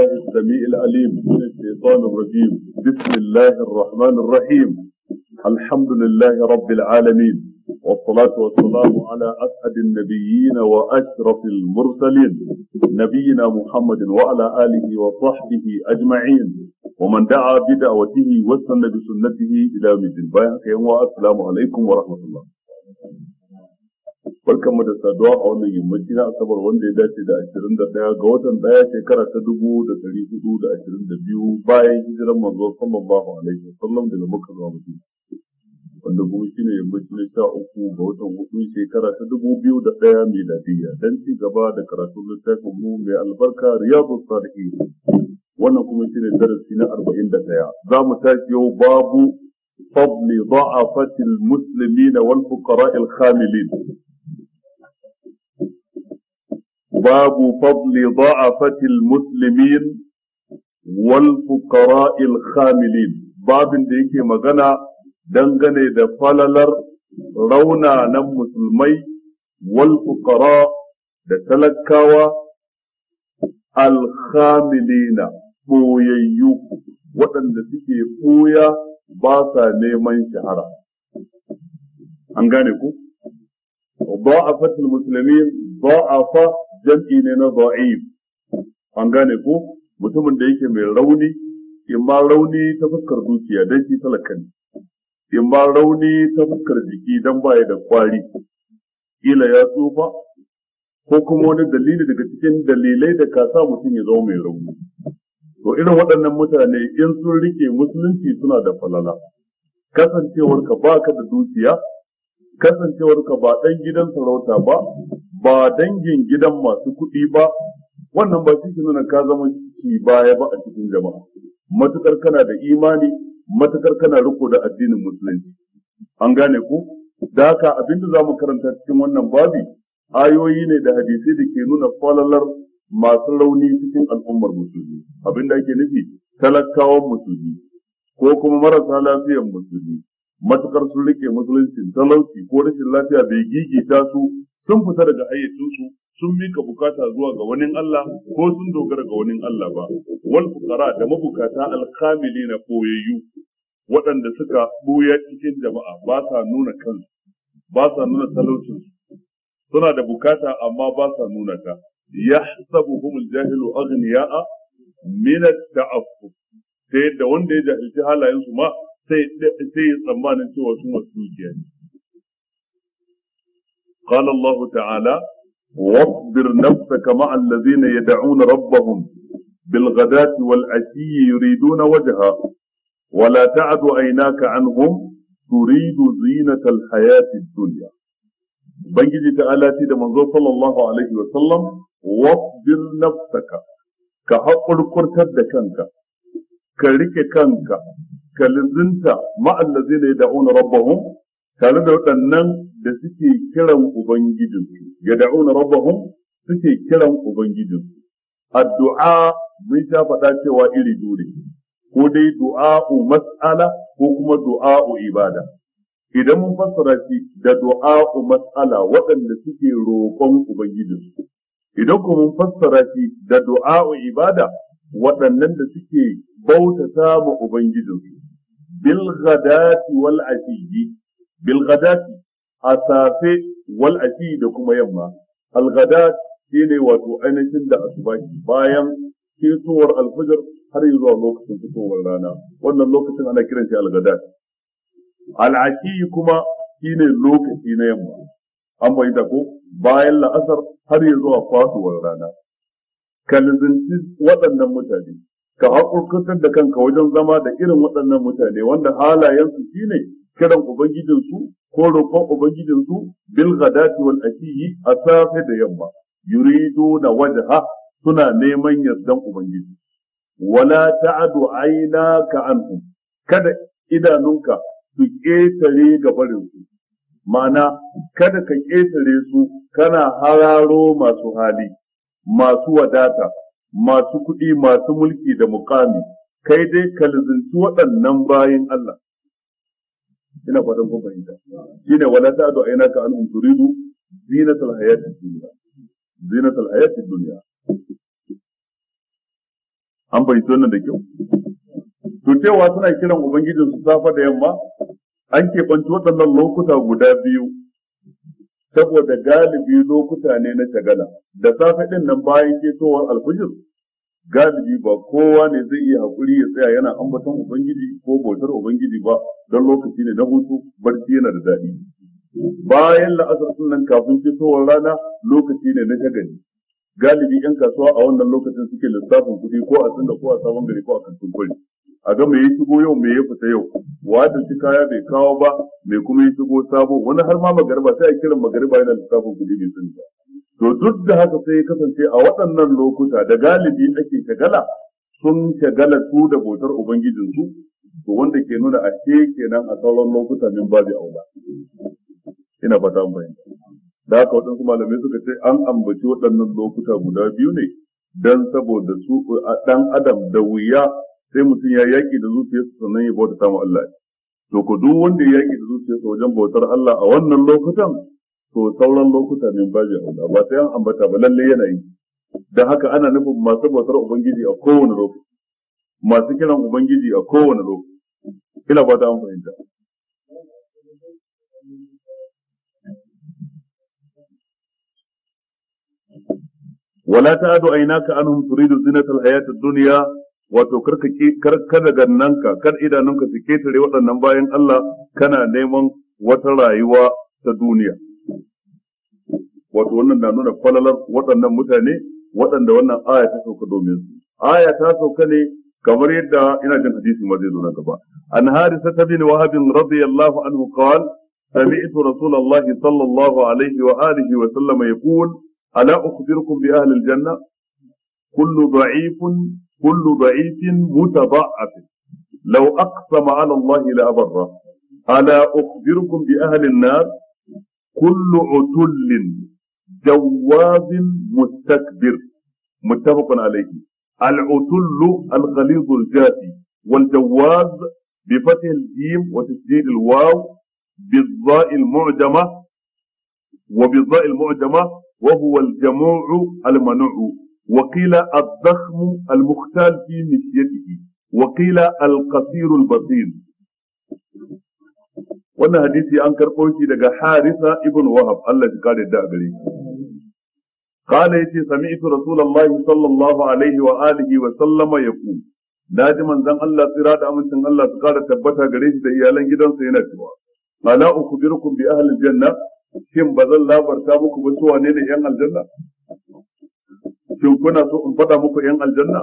الله السميع العليم من الشيطان الرجيم بسم الله الرحمن الرحيم الحمد لله رب العالمين والصلاة والسلام على أسعد النبيين وأشرف المرسلين نبينا محمد وعلى آله وصحبه أجمعين ومن دعا بدعوته وسن بسنته إلى مجد البيان وأسلام عليكم ورحمة الله barkan mu da saduwa a wannan yammaci na asabar wanda ya dace da ashirin da ɗaya ga watan ɗaya shekara ta dubu da dari hudu da ashirin da biyu bayan hijiran manzo sallallahu alaihi wasallam daga makka zuwa madina wanda kuma shi ne yammaci na sha uku ga watan hudu shekara ta dubu biyu da ɗaya miladiyya don ci gaba da karatun littafin mu mai albarka riyadu salihin wannan kuma shi ne darasi na arba'in da ɗaya za mu tashi yau babu فضل ضعفة المسلمين والفقراء الخاملين باب فضل ضعفة المسلمين والفقراء الخاملين باب da yake magana dangane da falalar raunanan musulmai والفقراء da talakawa alhamilina ɓoyayyu waɗanda suke koya. ba sa neman shahara an gane ku ضعفت المسلمين fa jam'i ne na da'if an gane ku mutumin da yake mai rauni in ba rauni ta fuskar zuciya dan shi talaka in ba rauni ta fuskar jiki dan baya da kwari Ila ya tsufa ko kuma wani dalili daga cikin dalilai da ka sa mutum ya zama mai rauni to irin waɗannan mutane in sun rike musulunci suna da falala kasancewarka ba ka da dukiya kasancewarka ba ɗan gidan sarauta ba ba dangin gidan masu kuɗi ba wannan ba shi nuna ka zama ci baya ba a cikin jama'a matukar kana da imani matukar kana riko da addinin musulunci an gane ku da haka abinda za mu karanta cikin wannan babi ayoyi ne da hadisai da ke nuna falalar masu rauni cikin al'ummar musulmi abinda ake nufi talakawan musulmi ko kuma marasa lafiyar musulmi matukar sun rike musulunci, talauci ko rashin lafiya bai gigita su sun fita daga hayyacinsu sun mika bukata zuwa ga wani Allah ko sun dogara ga wani Allah ba wal fuqara da mabukata alkamili na koyayyu waɗanda suka buya cikin jama'a ba sa nuna kansu ba sa nuna talaucin suna da bukata amma ba sa nuna ta يحسبهم الجاهل أغنياء من التعفف at-ta'affuf sai da wanda ya jahilci halayen su ma sai sai قال الله تعالى واصبر نفسك مع الذين يدعون ربهم بالغداة والعشي يريدون وجهه ولا تعد عيناك عنهم تريد زينة الحياة الدنيا بنجي تعالى تيد منظور صلى الله عليه وسلم wasbir nafsaka ka haƙurƙurtar da kanka ka rike kanka ka lizinta ma'allazina yad'una rabbahum tare da waɗannan da suke kiran ubangijinsu yad'una rabbahum suke kiran ubangijinsu addu'a mun ta faɗa cewa iri dole ko dai du'a'u mas'ala ko kuma du'a'u ibada idan mun fassara shi da du'a'u mas'ala waɗanda suke roƙon ubangijinsu idan kuma mun fassara shi da du'a'u ibada waɗannan da suke bauta ma ubangijinsu bil ghadati wal ashiyi bil ghadati asafe wal da kuma yamma al ghadat shine wato ainihin da asubahi bayan ketowar alfajr har zuwa lokacin fitowar rana wannan lokacin ana kiran shi al ghadat al ashiyi kuma shine lokaci na yamma an bai da ko bayan la'asar har ya zuwa fasuwar rana ka lizinci waɗannan mutane ka haƙurƙurtar da kanka wajen zama da irin waɗannan mutane wanda halayensu shine kiran ubangijinsu ko roƙon ubangijinsu bil ghadati wal ashiyi a safe da yamma yuridu na ha suna neman yardan ubangiji wala ta'adu ka anhum kada idanunka su ƙetare ga barinsu ma'ana kada ka ƙetare su kana hararo masu hali masu wadata masu kuɗi masu mulki da mukami kai dai ka lizinci waɗannan bayan Allah ina fatan kun fahimta shine wala ta'du aynaka anhum turidu zinatul hayatid dunya zinatul hayatid dunya an bai wannan da kyau to cewa suna kiran ubangijin su safa da yamma an keɓanci waɗannan lokuta guda biyu saboda galibi lokuta ne na shagala da safe ɗin nan bayan ketowar alfijir galibi ba kowa ne zai iya haƙuri ya tsaya yana ambaton ubangiji ko bautar ubangiji ba don lokaci ne na hutu barci yana da daɗi bayan la'asar nan kafin ketowar rana lokaci ne na shagali galibi yan kasuwa a wannan lokacin suke lissafin kuɗi ko a tsinda ko a sabon gari ko a kantin kwari a ga mai ya shigo yau mai ya fita yau wata shi kaya bai kawo ba mai kuma ya shigo sabo wani har ma magariba sai a kiran magariba yana lissafin kuɗi ne sun ba. to duk da haka sai ya kasance a waɗannan lokuta da galibi ake shagala sun shagala su da bautar ubangijinsu to wanda ke nuna a ke kenan a sauran lokuta min zai aula ina fata ta bayyana da haka waɗansu malamai suka ce an ambaci waɗannan lokuta guda biyu ne dan saboda su ɗan adam da wuya sai mutum ya yaki da zuciyarsa sannan ya bauta samu Allah to ko duk wanda ya yaki da zuciyarsa wajen bautar Allah a wannan lokutan to sauran lokuta min babu aula ba sai an ambata ba lalle yana yi da haka ana nufin masu bautar ubangiji a kowane lokaci masu kiran ubangiji a kowane lokaci ina ba ta an fahimta ولا تعد عيناك عنهم تريد زينة الحياة الدنيا wato kar kada gannanka kar idanunka su ketare waɗannan bayan Allah kana neman wata rayuwa ta duniya wato wannan na nuna kwalalar waɗannan mutane waɗanda wannan aya ta sauka domin su aya ta sauka ne kamar yadda ina jin hadisi ma zai zo nan gaba an harisa ta bin wahabin radiyallahu anhu qal سمعت رسول الله wa الله عليه وآله وسلم يقول ألا أخبركم بأهل الجنة كل ضعيف كل ضعيف متضعف لو أقسم على الله لأبره ألا أخبركم بأهل النار كل عتل جواز مستكبر متفق عليه العتل الغليظ الجافي والجواز بفتح الجيم وتسجيل الواو بالضاء المعجمة وبالضاء المعجمة وهو الجموع المنوع وقيل الضخم المختال في مشيته وقيل القصير البصير wannan hadisi an karɓo shi daga Harisa ibn Wahab Allah ya kare da gare shi قال يتي سمعت رسول الله صلى الله عليه وآله وسلم يقول ناجي من زن الله سراد أمن سن الله سقال تبتا قريش دا إيالان جدا سينا سوا ألا أخبركم بأهل الجنة كم بذل لا برتابكم بسوانين إيان الجنة shin kuna so in faɗa muku yan aljanna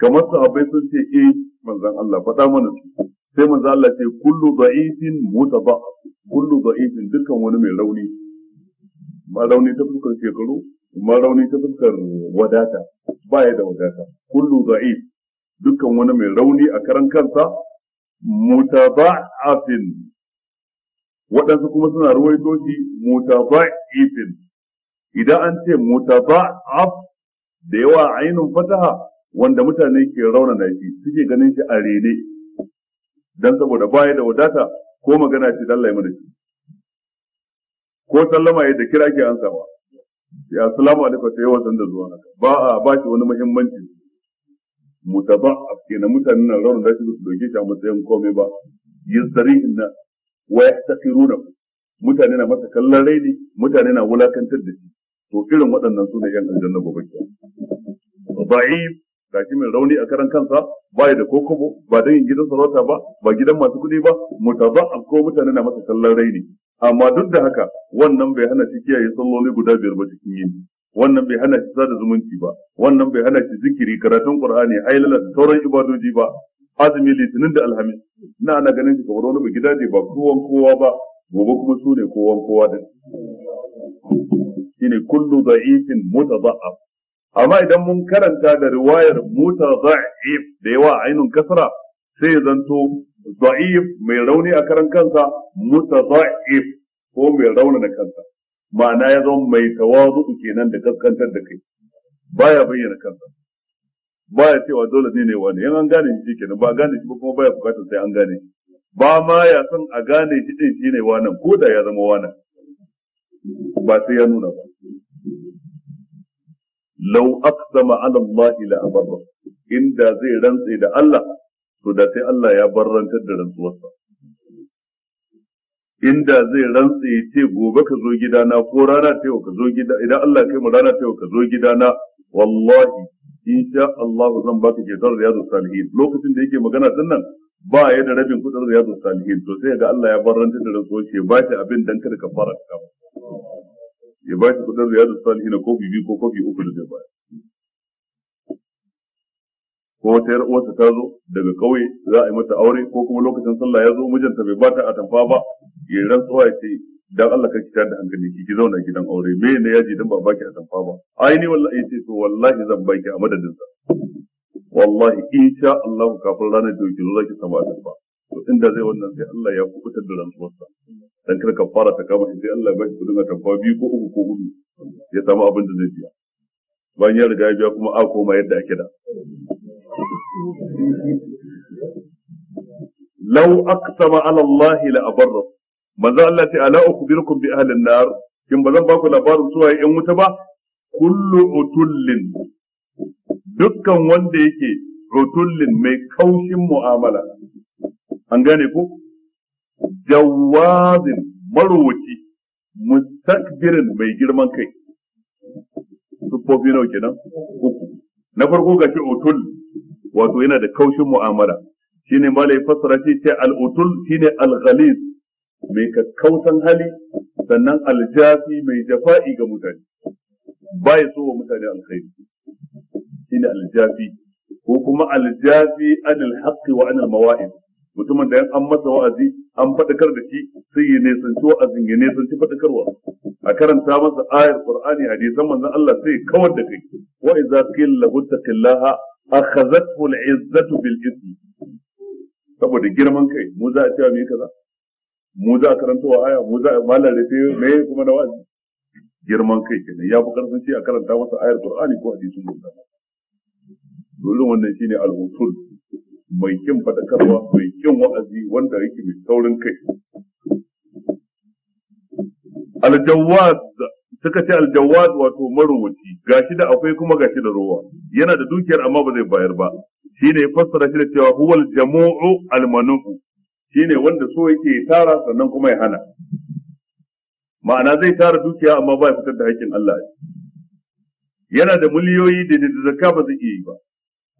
kamar sahabbai sun ce eh manzon Allah faɗa mana su sai manzon Allah ce kullu da'ifin mutaba kullu da'ifin dukkan wani mai rauni ma rauni ta fuskar shekaru ma rauni ta fuskar wadata ba ya da wadata kullu da'if dukkan wani mai rauni a karan kansa mutaba'afin waɗansu kuma suna ruwaito shi mutaba'ifin idan an ce mutaba'af da yawa a ainun fataha wanda mutane ke rauna na shi suke ganin shi a rene dan saboda baya da wadata ko magana ce dalla mana shi ko sallama yadda kira ke ansawa ya assalamu alaikum sai yawan sanda zuwa naka ba a ba shi wani muhimmanci mutaba kenan mutanen na da shi su doke shi a matsayin komai ba yazdarihin na wa yahtaqiruna mutane na masa kallon raini mutane na wulakantar da shi to irin waɗannan su ne yan aljanna gobe ba'if shi mai rauni a karan kansa ba da kokobo ba yin gidan sarauta ba ba gidan masu kuɗi ba a ko mutane na masa kallon raini amma duk da haka wannan bai hana shi kiyaye salloli guda biyar ba cikin yini wannan bai hana shi sada zumunci ba wannan bai hana shi zikiri karatun qur'ani hailala da sauran ibadoji ba azumi litinin da alhamis na ana ganin shi kamar wani gida ne ba kowan kowa ba gobe kuma su ne kowan kowa din shine kullu da'ifin amma idan mun karanta da riwayar za'if da yawa ainun kasra sai ya zanto za'if mai rauni a karan kansa za'if ko mai rauni na kansa ma'ana ya zama mai tawazu kenan da kaskantar da kai baya bayyana kansa baya cewa dole ne ne wani yan an gane shi kenan ba gane shi ba kuma baya bukatar sai an gane ba ma ya san a gane shi din shine wannan ko da ya zama wannan ba sai ya nuna ba lau aqsama ala Allah la abarra inda zai rantse da Allah to da sai Allah ya barrantar da rantsuwarsa inda zai rantse ce gobe ka zo gidana ko rana ta yau ka zo gida idan Allah kai ma rana ta yau ka zo gidana wallahi insha Allah zan baka kyautar riyadu salihin lokacin da yake magana sannan baya da rabin kudin riyadu salihin to sai ga Allah ya barrantar da rantsuwar ce abin dan kada ka fara ya ba shi kudin riyadu salihin kofi biyu ko kofi uku da zai baya ko wata yar uwarta ta zo daga kauye za a yi mata aure ko kuma lokacin sallah ya zo mijinta bai bata a tamfa ba ya tsawa ya ce dan Allah ka kitar da hankali ki zauna gidan aure me ne yaji dan ba baki a tamfa ba ai ni wallahi sai to wallahi zan baki a madadin sa wallahi insha Allah kafin ranar da kike zo zaki samu a tamfa in da zai wannan sai Allah ya kubutar da rantsuwarsa dan kada ka fara ta kama sai Allah ya bashi kudin biyu ko uku ko hudu ya samu abin da zai biya bayan ya riga ya biya kuma a koma yadda ake da law aqsama ala Allah la abarra manzo Allah ta ala ukhbirukum bi ahli an-nar kin bazan ba ku labarin suwaye yan wuta ba kullu utullin dukkan wanda yake utullin mai kaushin mu'amala an gane ku jawazin marowaci mustakbirin mai girman kai sufofi nawa kenan uku na farko ga shi otul wato yana da kaushin mu'amala shine ma lai fassara shi ce al shine al-ghaliz mai kakkausan hali sannan aljafi mai jafa'i ga mutane ba ya so wa mutane alkhairi shine aljafi ko kuma aljafi anil haqqi wa anil mawa'id mutumin da an masa wa'azi an faɗakar da shi sai ya nesanci wa'azin ya nesanci faɗakarwa a karanta masa ayar qur'ani hadisan manzon Allah sai ya kawar da kai wa idza qila lahu taqillaha akhazathu al'izzatu bil ismi saboda girman kai mu za a cewa me kaza mu za a karanta wa aya mu za a malar da me kuma na wa'azi girman kai kenan ya fi karfin shi a karanta masa ayar qur'ani ko hadisin manzon Allah dole wannan shine al-usul mai kin fadakarwa mai kin wa'azi wanda yake mai saurin kai aljawaz suka ce aljawaz wato marubuci gashi da akwai kuma gashi da ruwa yana da dukiyar amma ba zai bayar ba shine ya fassara shi da cewa huwal jamu'u almanuhu shine wanda so yake tara sannan kuma ya hana ma'ana zai tara dukiya amma ba ya fitar da haƙƙin Allah yana da miliyoyi da da zakka ba zai iya yi ba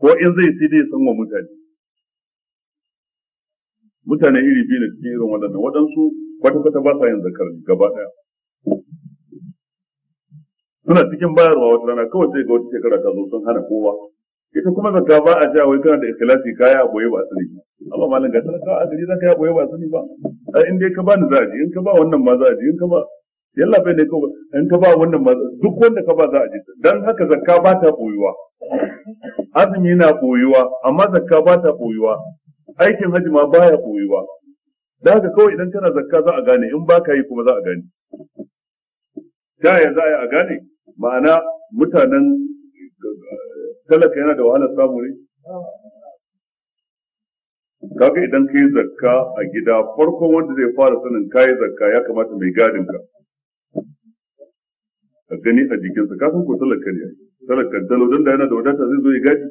ko in zai sai dai san wa mutane mutane iri biyu da cikin irin waɗannan waɗansu kwata-kwata ba sa yin zakar gaba ɗaya suna cikin bayarwa wata rana kawai sai ga wata shekara ta zo sun hana kowa ita kuma zakka ba a ja wai kana da ikhlasi kaya a boye ba asali amma malam ga talaka a gari zaka ya boye ba asali ba ai in dai ka ni za a ji in ka ba wannan ma za a ji in ka ba yalla bai ne ko in ka ba wannan ma duk wanda ka ba za a ji dan haka zakka ba ta boyuwa azumi na boyuwa amma zakka ba ta boyuwa aikin hajji ma baya koyuwa da haka kawai idan kana zakka za a gane in ba ka yi kuma za a gane Ta yaya za a yi a gane ma'ana mutanen talaka yana da wahalar samu ne kaga idan ka yi zakka a gida farkon wanda zai fara sanin ka yi zakka ya kamata mai gadin ka a gani a jikinsa kafin ko talaka ne talaka don da yana da wadata zai zo ya gaji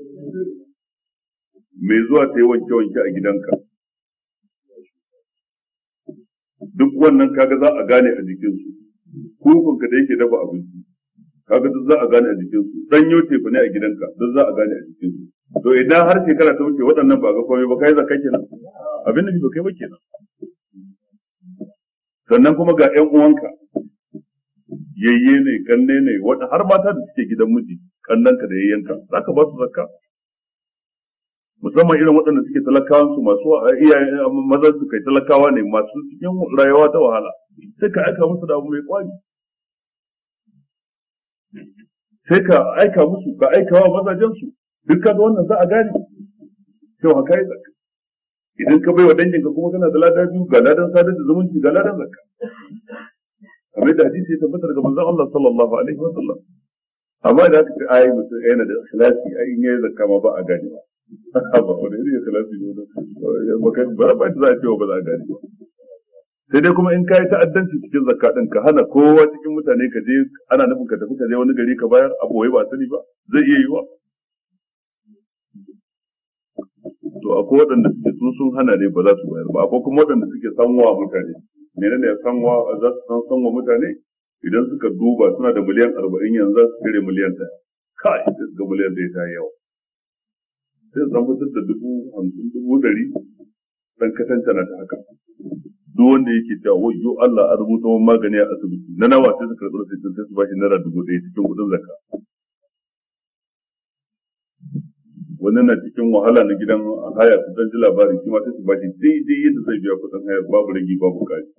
mai zuwa ta yi wanke-wanke a gidanka duk wannan kaga za a gane a jikinsu kukunka da yake dafa abinci kaga duk za a gane a jikinsu dan yau tefa ne a gidanka duk za a gane a jikinsu to idan har shekara ta wuce waɗannan ba ga komai ba kai zaka kenan abin da ba kai ba kenan sannan kuma ga ƴan uwanka yayye ne kanne ne wata har mata da suke gidan miji kannanka da yayyanka zaka ba su zakka musamman irin waɗanda suke talakawan su masu eh, iyayen eh, mazan su kai talakawa ne masu cikin rayuwa ta wahala sai ka aika musu da abu mai kwari sai ka aika musu ka aika wa mazajen su duk ka wannan za a gane to haka yi zaka idan ka baiwa dangin ka kuma kana da lada biyu ga ladan sadar da zumunci ga ladan zakka kamar da hadisi ya tabbata daga manzon Allah sallallahu alaihi wasallam amma idan aka ce ayi mutum yana da ikhlasi ayin yayi zakka ma ba a gane ba ba wani ne ba ba za a ce ba za a ba sai dai kuma in ka yi ta'addanci cikin zakka din ka hana kowa cikin mutane ka je ana nufin ka tafi ka je wani gari ka bayar a boye ba sani ba zai iya yiwa to akwai waɗanda suke sun sun hana ne ba za su bayar ba akwai kuma waɗanda suke sanwa mutane menene sanwa za su san sanwa mutane idan suka duba suna da miliyan arba'in yanzu za su cire miliyan ɗaya kai ga miliyan ɗaya ta yawa sai zan fitar da dubu hamsin dubu ɗari dan katanta na ta haka duk wanda yake da wayyo Allah a rubuta wani magani a asibiti na nawa sai su karɓi rasitin sai su bashi naira dubu ɗaya cikin kuɗin zakka wannan na cikin wahala na gidan haya su dan ji labari shi ma sai su bashi daidai yadda zai biya kuɗin haya babu rage babu kaji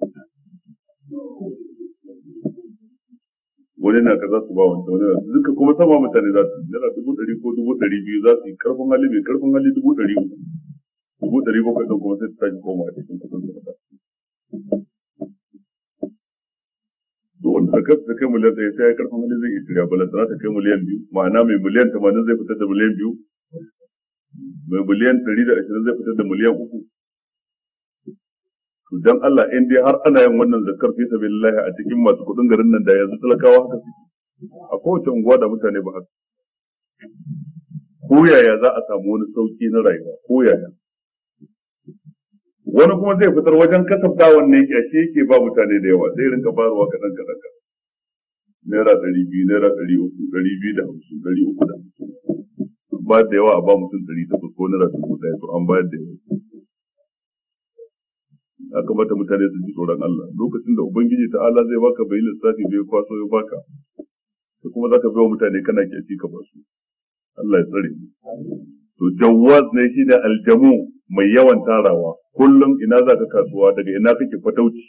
wani na kaza su ba wancan wani na duka kuma sama mutane za su naira dubu ɗari ko dubu ɗari biyu za su yi karfin hali mai karfin hali dubu ɗari uku dubu ɗari bakwai ɗin kuma sai su tashi koma a cikin kuɗin da to wanda ta kai kai miliyan ɗaya sai ya karfin hali zai iya shirya balantana ta kai miliyan biyu ma'ana mai miliyan tamanin zai fitar da miliyan biyu mai miliyan ɗari da ashirin zai fitar da miliyan uku to dan Allah in dai har ana yin wannan zakar fi sabilillahi a cikin masu kudin garin nan da yanzu talakawa haka suke a kowace unguwa da mutane ba haka ko yaya za a samu wani sauki na rayuwa ko yaya wani kuma zai fitar wajen kasafta wannan yashi yake ba mutane da yawa sai rinka barwa kaɗan kaɗan ka naira ɗari biyu naira ɗari uku ɗari biyu da hamsin ɗari uku da hamsin ba da yawa a ba mutum ɗari takwas ko naira dubu ɗaya to an bayar da yawa ya kamata mutane su ji tsoron Allah lokacin da ubangiji ta Allah zai baka bai lissafi bai kwaso ya baka to kuma zaka bai wa mutane kana kyaci ka ba su Allah ya tsare to jawaz ne shine aljamu mai yawan tarawa kullum ina zaka kasuwa daga ina kake fatauci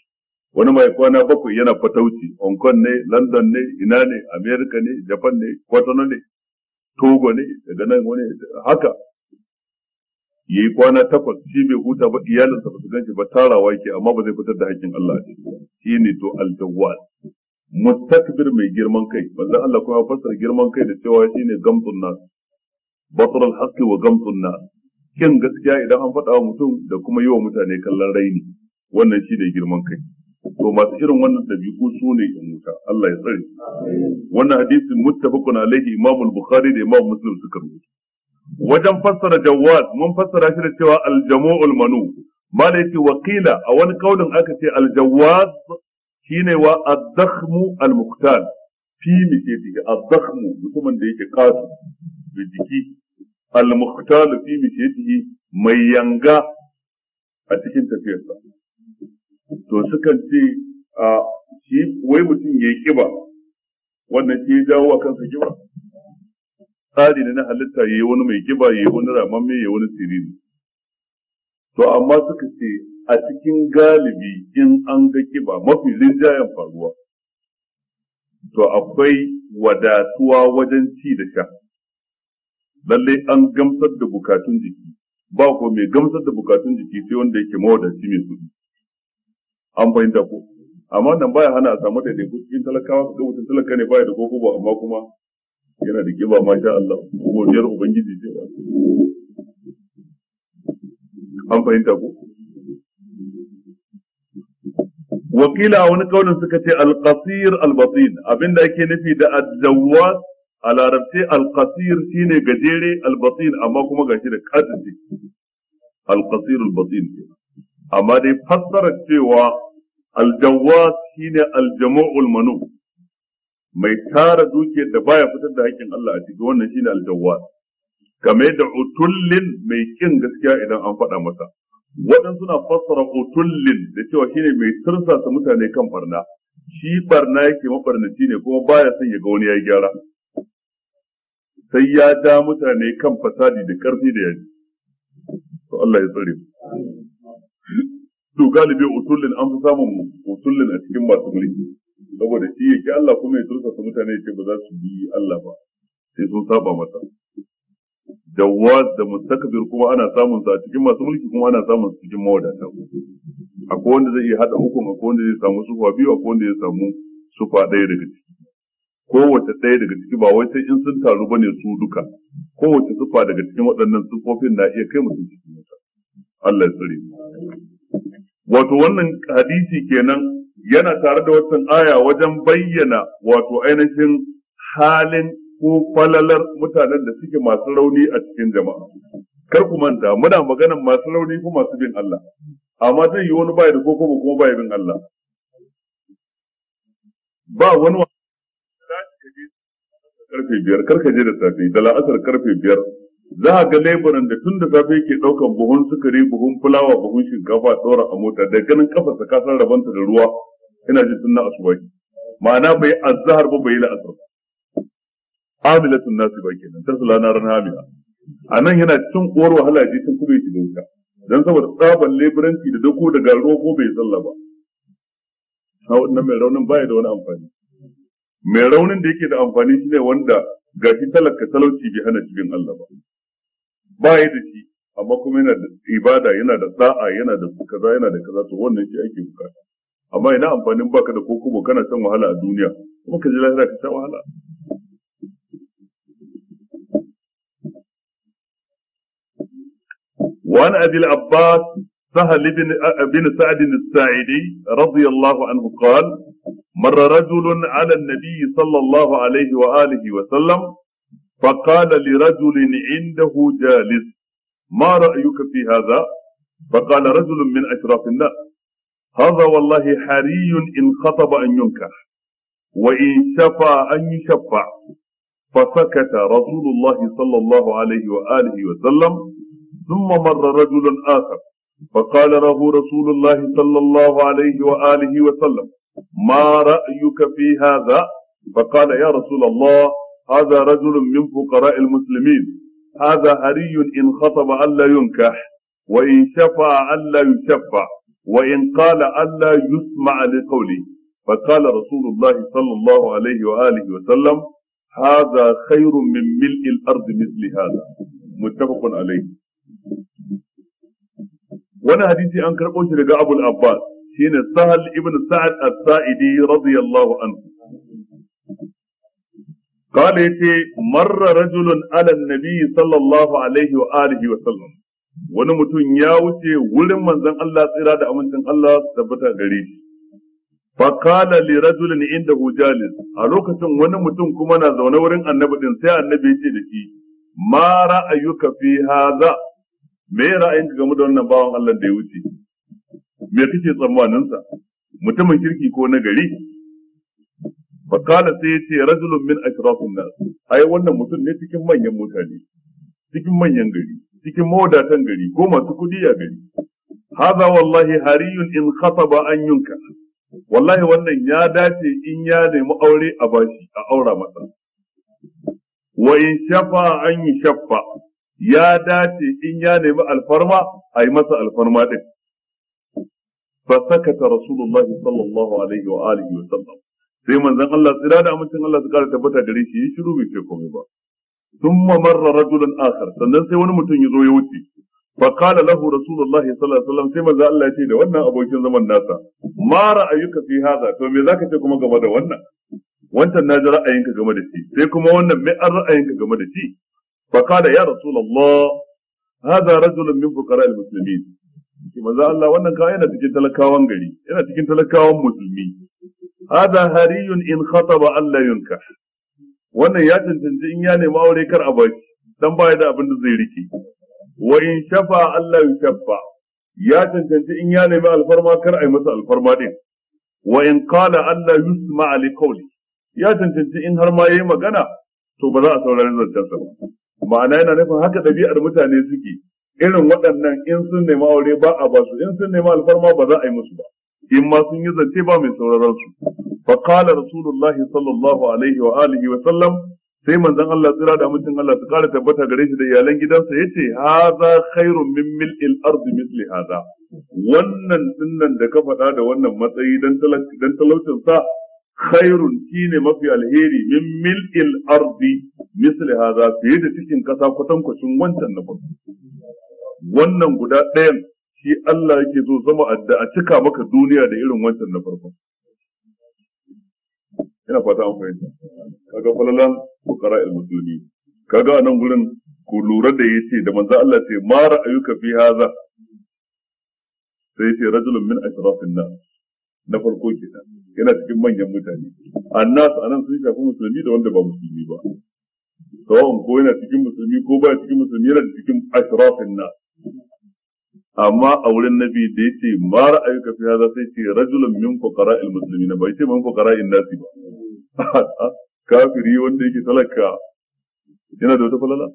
wani mai kwana bakwai yana fatauci Hong Kong ne London ne ina ne America ne Japan ne Kwatano ne Togo ne daga nan wani haka ya yi kwana takwas shi bai huta ba iyalinsa ba su shi ba tarawa yake amma ba zai fitar da hakkin Allah a ciki shi ne to aljawwal mustakbir mai girman kai manzon Allah kuma fassara girman kai da cewa shi ne Gamsun nas basar alhaqi wa Gamsun nas kin gaskiya idan an faɗa wa mutum da kuma yi wa mutane kallon raini wannan shi ne girman kai to masu irin wannan dabi'u su ne in wuta Allah ya tsare wannan hadisin muttafaqun alaihi imamul bukhari da imam muslim suka rubuta wajen fassara jawaz mun fassara shi da cewa aljamu'ul manu mala wakila a wani ƙaunin aka ce shi ne wa ad al-muqtal fi mithlihi ad mutumin da yake kasu da jiki al-muqtal fi mithlihi mai yanga a cikin tafiyarsa to sukan ce a shi wai mutum yayi kiba wannan shi ya jawo a kansa kiba tsari ne na halitta yi wani mai kiba yi wani ramamme yi wani siriri to amma suka ce a cikin galibi in an ga kiba mafi rinjayen faruwa to akwai wadatuwa wajen ci da sha lallai an gamsar da bukatun jiki ba ko mai gamsar da bukatun jiki sai wanda yake mawadaci mai kuɗi an fahimta ko amma nan baya hana a samu da daidaiku cikin talakawa su ga mutum talaka ne baya da koko ba amma kuma yana da kiba ma sha Allah godiyar ubangiji ce ba an fahimta ko wakila wani kaunin suka ce alqasir albatin abinda ake nufi da adawwas a larabce alqasir shine gajere albatin amma kuma gashi da kadin alqasir albatin amma dai fassarar cewa aljawwas shine aljamu'ul manum mai tara dukiyar da baya fitar da hakkin Allah a ciki wannan shine aljawwal kamar da utullin mai kin gaskiya idan an faɗa masa waɗansu na fassara utullin da cewa shine mai tursasa mutane kan barna shi barna yake mabarnaci ne kuma baya son ya ga wani ya gyara sai ya da mutane kan fasadi da ƙarfi da yaji to Allah ya tsare to galibi utullin an fi samun utullin a cikin masu mulki saboda shi ya Allah kuma ya tursa su mutane ya ce ba za su bi Allah ba sai sun saba masa jawaz da mustakbir kuma ana samun sa cikin masu mulki kuma ana samun su cikin mawadata akwai wanda zai iya hada hukum akwai wanda zai samu sufa biyu akwai wanda zai samu sufa ɗaya daga ciki kowace ɗaya daga ciki ba wai sai in sun taru bane su duka kowace sufa daga cikin waɗannan sufofin na iya kai mutum cikin Allah ya tsare wato wannan hadisi kenan yana tare da wata aya wajen bayyana wato ainihin halin ko falalar mutanen da suke masu rauni a cikin jama'a kar ku manta muna maganan masu rauni ko masu bin Allah amma zai yi wani bai da ko kuma kuma bai bin Allah ba wani wani karfe biyar karka je da safe da la'asar karfe biyar za a ga leburan da tun da safe yake daukan buhun sukari buhun fulawa buhun shinkafa tsora a mota da ganin kafa ka san rabanta da ruwa ina jin sunna asubahi ma'ana bai azhar ba bai la'asar ba amilatun nasu ba kenan ta sula ran hamila amila a nan yana cin uwar wahala ji tun kuma yake dauka dan saboda tsaban leburanci da dako da garo ko bai tsalla ba wannan mai raunin baya da wani amfani mai raunin da yake da amfani shine wanda ga shi talaka talauci bi hana cikin Allah ba yi da shi amma kuma yana da ibada yana da sa'a yana da kaza yana da kaza to wannan shi ake bukata amma ina amfanin baka da kokobo kana shan wahala a duniya kuma ka ji lahira ka sha wahala وعن ابي العباس سهل بن بن سعد الساعدي رضي الله عنه قال مر رجل على النبي صلى الله عليه واله وسلم فقال لرجل عنده جالس ما رايك في هذا؟ فقال رجل من اشراف الناس هذا والله حري إن خطب أن ينكح وإن شفع أن يشفع فسكت رسول الله صلى الله عليه وآله وسلم ثم مر رجل آخر فقال له رسول الله صلى الله عليه وآله وسلم ما رأيك في هذا فقال يا رسول الله هذا رجل من فقراء المسلمين هذا حري إن خطب ألا ينكح وإن شفع ألا يشفع وإن قال ألا يسمع لقولي فقال رسول الله صلى الله عليه وآله وسلم هذا خير من ملء الأرض مثل هذا متفق عليه وانا حديثي أنكر karɓo shi أبو العباس حين سهل ابن سعد السائدي رضي الله عنه قال يتي مر رجل على النبي صلى الله عليه وآله وسلم wani mutum ya wuce wurin manzon Allah tsira da amincin Allah su tabbata gare shi fakala li rajulin indahu jalis a lokacin wani mutum kuma na zaune wurin annabi din sai annabi yace ce da shi ma ra'ayuka fi hadha me ka game da wannan bawan Allah da ya wuce me kake tsammanin sa mutumin kirki ko na gari fakala sai ya ce rajulun min ashrafin nas ai wannan mutum ne cikin manyan mutane cikin manyan gari cikin mawadatan gari ko masu kudi a gari haza wallahi hariyun in khataba an yunka wallahi wannan ya dace in ya nemi aure a bashi a aura masa wa in shafa an yi shafa ya dace in ya nemi alfarma a yi masa alfarma din فسكت رسول الله صلى الله عليه وآله وسلم sai manzon Allah tsira da amincin Allah su kara tabbata gare shi shiru bai ce komai ba thumma marra rajulun akhar sannan sai wani mutum ya zo ya wuce fa qala lahu rasulullah sallallahu alaihi wasallam sai manzo Allah ya ce da wannan abokin zaman nasa ma ra'ayuka fi hadha to me zaka ce kuma game da wannan wancan na ji ra'ayinka game da shi sai kuma wannan me an ra'ayinka game da shi fa qala ya rasulullah hadha rajulun min fuqara al-muslimin ki manzo Allah wannan kawai yana cikin talakawan gari yana cikin talakawan musulmi hadha hariyun in khataba Allah yunkah wannan ya cancanci in ya nemi aure kar a baki dan baya da abin da zai rike wa in shafa Allah ya shafa ya cancanci in ya nemi alfarma kar a yi masa alfarma din wa in qala Allah yusma li qawli ya cancanci in har ma yayi magana to ba za a saurari zancen sa ba ma'ana yana nufin haka ɗabi'ar mutane suke irin waɗannan in sun nemi aure ba a basu in sun nemi alfarma ba za a yi musu ba in ma sun yi zance ba mai sauraron su fa qala rasulullah sallallahu alaihi wa alihi wa sallam sai manzon Allah tsira da mutun Allah su kare tabbata gare shi da iyalan gidansa yace haza khairun min mil'il ard misli haza wannan dinnan da ka faɗa da wannan matsayi dan dan talaucin sa khairun shine mafi alheri min mil'il ard misli haza fiye da cikin kasa kwatankwacin wancan na wannan guda ɗayan shi Allah yake zo zama adda a cika maka duniya da irin wancan na farko ina fata an fahimta kaga falalan fuqara al musulmi kaga a nan gurin ku lura da yace da manzo Allah ce ma ra'ayuka fi haza sai yace rajulun min ashrafin nas na farko kenan yana cikin manyan mutane annas anan sun shafi musulmi da wanda ba musulmi ba sawa'un ko yana cikin musulmi ko ba cikin musulmi yana cikin ashrafin nas amma a wurin nabi da ce ma ra'ayuka fi hadha sai ce rajulun min fuqara al muslimina bai ce min fuqara in nasi ba kafiri wanda yake talaka yana da wata falala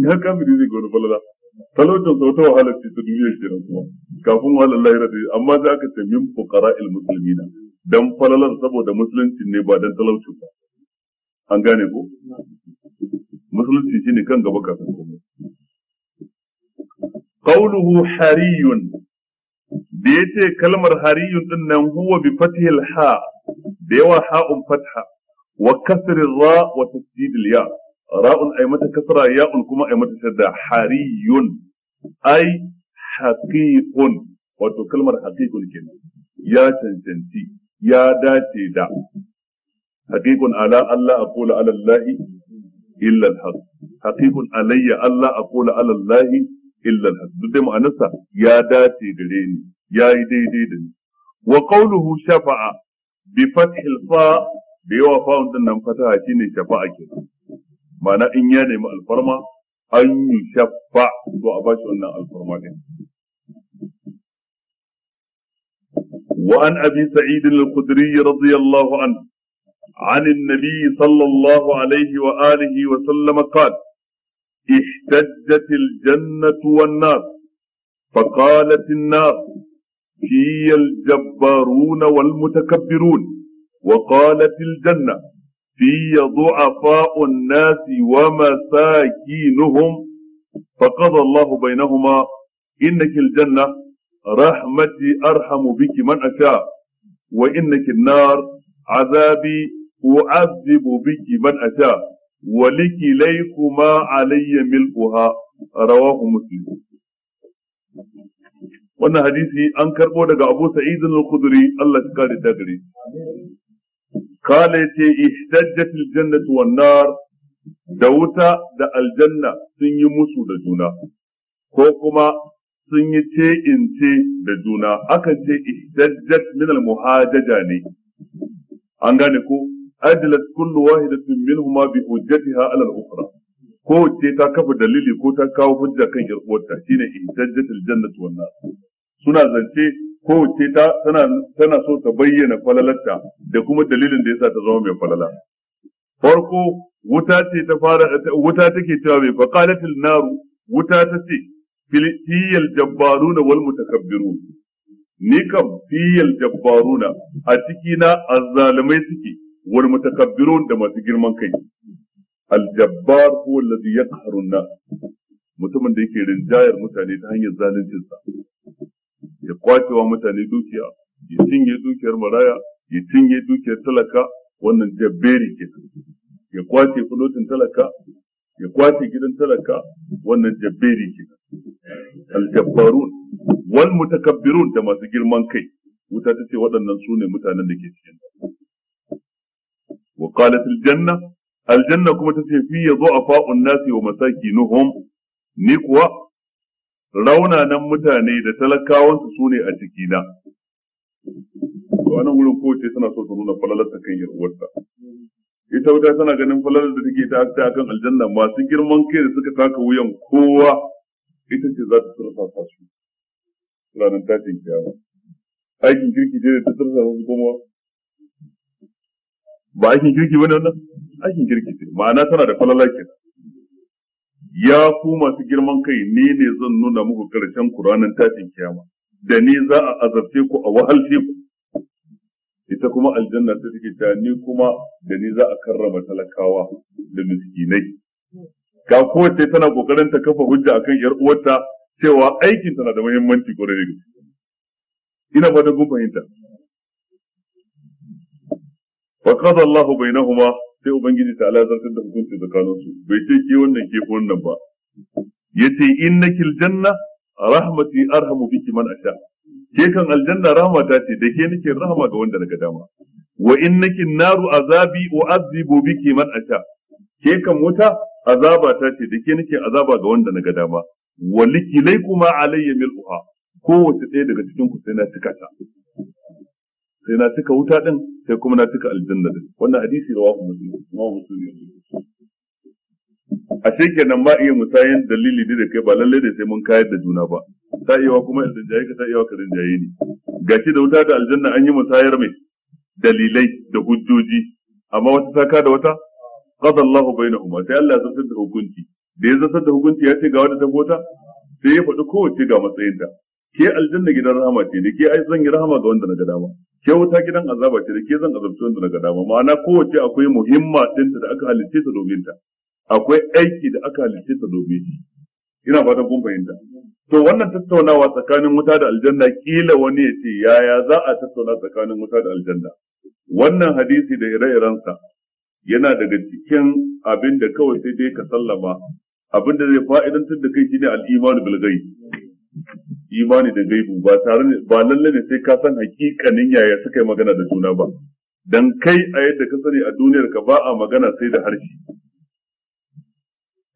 ina kafiri zai ga wata falala talaucin sau ta wahalar ce ta duniya kenan kuma kafin wahalar lahira ta amma za ka ce min fuqara al muslimina dan falalar saboda musulunci ne ba dan talaucin ba an gane ko musulunci shine kan gaba kafin komai qawluhu hariyun da yace kalmar hariyun din nan huwa bi fathil ha da yawa ha'un fatha wa kasrir ra wa tasdidil ya ra'un ay mata kasra ya'un kuma ay mata shadda hariyun ay haqiqun wato kalmar haqiqun kenan ya cancanci ya dace da haqiqun ala Allah aqulu ala Allah illa Allah illa al duk da ma'anarsa ya dace gare ni ya yi daidai da ni wa qawluhu shafa'a bi fathi fa da yawa fa'un din nan fataha shine shafa'a ke ma'ana in ya nemi alfarma an yi shafa to a bashi wannan alfarma din وعن أبي سعيد الخدري رضي الله عنه عن النبي صلى الله عليه وآله وسلم قال اشتدت الجنة والنار فقالت النار في الجبارون والمتكبرون وقالت الجنة في ضعفاء الناس ومساكينهم فقضى الله بينهما إنك الجنة رحمتي أرحم بك من أشاء وإنك النار عذابي أعذب بك من أشاء walikilaykuma alayya milquha rawahu muslim wannan hadisi an karɓo daga Abu Sa'id al-Khudri Allah ya kare ta gare kale ce ihtajjat al-jannatu wan-nar da wuta da aljanna sun yi musu da juna ko kuma sun yi ce in ce da juna akan ce ihtajjat min al-muhajaja ne an gane ko adilat kullu wahidatin minhuma bi hujjatiha ala al-ukhra ko ce ta kafa dalili ko ta kawo hujja kan irkuwarta shine ihtajjatul jannatu wan nar suna zance ko ce ta tana tana so ta bayyana falalarta da kuma dalilin da yasa ta zama mai falala farko wuta ce ta fara wuta take cewa mai faqalatil naru wuta ta ce fiyal jabbaruna wal mutakabbirun ni kam fiyal jabbaruna a cikina azzalimai suke wal mutakabbirun da masu girman kai aljabbar huwa alladhi yaqharu an-nas mutumin da yake rinjayar mutane ta hanyar zaluncin sa ya kwacewa mutane dukiya ya cinye dukiyar maraya ya cinye dukiyar talaka wannan jabberi ke ya kwace fulotin talaka ya kwace gidan talaka wannan jabberi ke aljabbarun wal mutakabbirun da masu girman kai wuta ta ce waɗannan su mutanen da ke cikin wa qalat aljanna aljanna kuma tace fi du'afa'un nasi wa masakinuhum ni kuwa raunanan mutane da talakawansu sune a cikina wannan wurin kowace tana so nuna falalar ta kan ita wuta tana ganin falalar da take ta ta kan aljanna masu girman kai da suka taka wuyan kowa ita ce za ta turfa su ranar tashin kiyama aikin kirki ce da ta turfa su kuma ba aikin kirki bane wannan aikin kirki ce ma'ana tana da falala kenan ya ku masu girman kai nene ne zan nuna muku karshen kuranin tashin kiyama da ni za a azabce ku a wahalce ku ita kuma aljanna ta take ta ni kuma da ni za a karrama talakawa da miskinai ga kowace tana kokarin ta kafa hujja akan yar uwarta cewa aikin tana da muhimmanci kwarai da ina fata kun fahimta wa qada Allahu bainahuma sai ubangiji ta Allah zartar da hukunci tsakanin su bai ce ke wannan ke wannan ba yace innakil janna rahmati arhamu biki man asha ke kan aljanna rahmata ce da ke nake rahama ga wanda daga dama wa in innakin naru azabi wa u'azzibu biki man asha ke kan wuta azaba ta ce da ke nake azaba ga wanda naga dama wa likilai kuma alayya mil'uha kowace ɗaya daga cikin ku sai na cika ta sai na cika wuta din sai kuma na cika aljanna din wannan hadisi rawahu muslim imam muslim a shi kenan ma iya musayin dalili da kai ba lallai da sai mun kayar da juna ba ta iya kuma in rinjaye ka ta iya ka rinjaye ni gashi da wuta da aljanna an yi musayar mai dalilai da hujjoji amma wata saka da wata qada Allahu bainahuma sai Allah ya zartar da hukunci da ya zartar da hukunci ya ce ga wata ta wata sai ya faɗi kowace ga matsayinta ke aljanna gidan rahama ce ne ke ai zan yi rahama ga wanda na ga dama ke wuta gidan azaba ce da ke zan azabci wanda daga dama ma'ana kowace akwai muhimma ɗinta da aka halicce ta domin ta akwai aiki da aka halicce ta domin shi ina fatan kun fahimta to wannan tattaunawa tsakanin wuta da aljanna kila wani ya ce yaya za a tattauna tsakanin wuta da aljanna wannan hadisi da ire-irensa yana daga cikin abin da kawai sai dai ka sallama abin da zai fa'idantar da kai shine al'imanu bil ghaib imani da gaibu ba tare ba lalle ne sai ka san hakikanin yaya suka yi magana da juna ba dan kai a yadda ka sani a duniyar ka ba a magana sai da harshe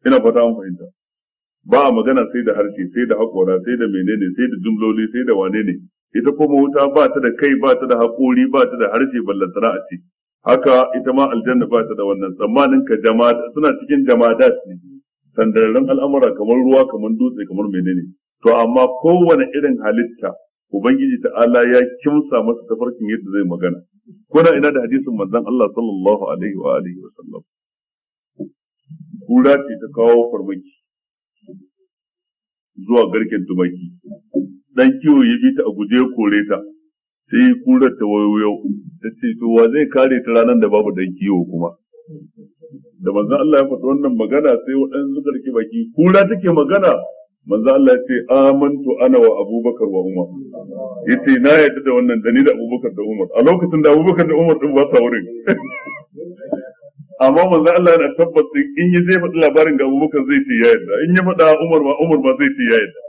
ina fata an fahimta ba a magana sai da harshe sai da haƙora sai da menene sai da jumloli sai da wane ne ita kuma wuta ba ta da kai ba ta da haƙori ba ta da harshe ballantana a ce haka ita ma aljanna ba ta da wannan tsammanin ka jama'a suna cikin jama'at da sandararren al'amura kamar ruwa kamar dutse kamar menene to amma kowane irin halitta ubangiji ta'ala ya kimsa masa tafarkin yadda zai magana kuna ina da hadisin manzon Allah sallallahu alaihi wa alihi wa sallam kura ce ta kawo farmaki zuwa garken tumaki dan kiwo ya bi ta a guje kore ta sai kurar ta wayoyo ta ce to wa zai kare ta ranar da babu dan kiwo kuma da manzon Allah ya faɗi wannan magana sai waɗansu garke baki kura take magana manzo Allah ya ce amantu ana wa abubakar wa umar yace na yadda da wannan da ni da abubakar da umar a lokacin da abubakar da umar din ba sa wurin amma manzo Allah yana tabbata in ya zai faɗi labarin ga abubakar zai ce ya yadda in ya faɗa umar ma umar ma zai ce ya yadda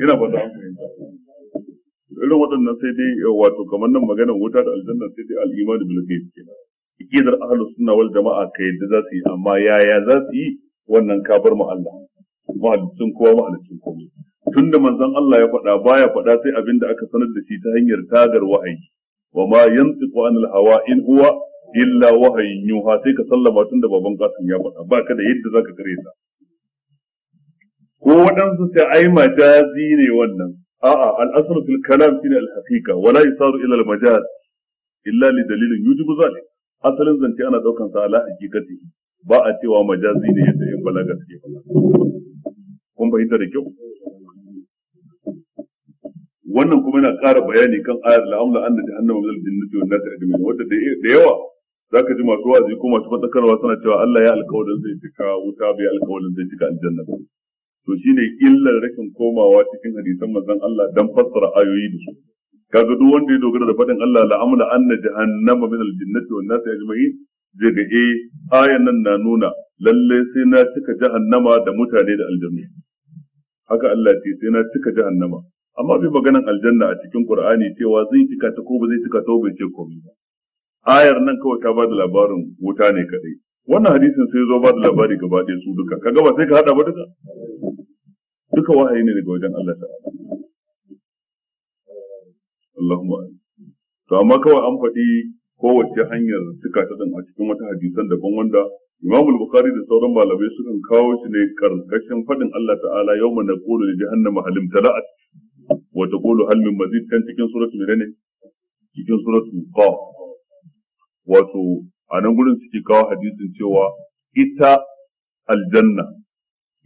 ina faɗa irin waɗannan sai dai wato kamar nan maganar wuta da aljanna sai dai al'imani bil ghaib kenan aqidar ahlus sunna wal jama'a kai yadda za su yi amma yaya za su yi wannan ka bar mu Allah mahalicin kowa mahalicin komai tunda manzon Allah ya faɗa baya faɗa sai abin da aka sanar da shi ta hanyar tagar wa'ayi wa ma yantiqu anil hawa in huwa illa wahayin yuha sai ka sallama tunda baban kasan ya faɗa ba da yadda zaka kare ta ko waɗansu sai ai majazi ne wannan a'a al'asr fil kalam shine al haqiqa wala yusaru ila al majaz illa li dalilin yujibu zalik asalin zance ana daukan sa ala haqiqati ba a cewa majazi ne yadda in balaga suke faɗa kun fahimta da kyau wannan kuma yana ƙara bayani kan ayar la'amla anna jahannama min al-jannati wan nar ajma'in wanda e-, da yawa za ka ji masu wa'azi ko masu fadakarwa suna cewa Allah ya alƙawarin zai cika wuta bai alƙawarin zai cika aljanna to shine illar rashin komawa cikin hadisan manzon Allah don fassara ayoyi da su kaga duk wanda ya dogara da faɗin Allah la'amla anna jahannama min al-jannati wan nar ajma'in zai ga ayan nan na nuna lalle sai na cika jahannama da mutane da aljanna haka Allah ce sai na cika jahannama amma bi maganan aljanna a cikin Qur'ani cewa zai cika ta ko ba zai cika ta bai ce komai ba ayar nan kawai ta bada da labarin wuta ne kadai wannan hadisin sai zo bada da labari gaba ɗaya su duka kaga ba sai ka hada ba duka duka wahayi ne daga wajen Allah ta'ala Allahumma amma kawai an faɗi kowace hanyar suka ta a cikin wata hadisan daban wanda Imam bukhari da sauran malamai sukan kawo shi ne karkashin faɗin Allah ta'ala mana naqulu li jahannama halim tala'at wa taqulu hal mazid kan cikin suratu ne cikin suratu ba wato a nan gurin suke kawo hadisin cewa ita aljanna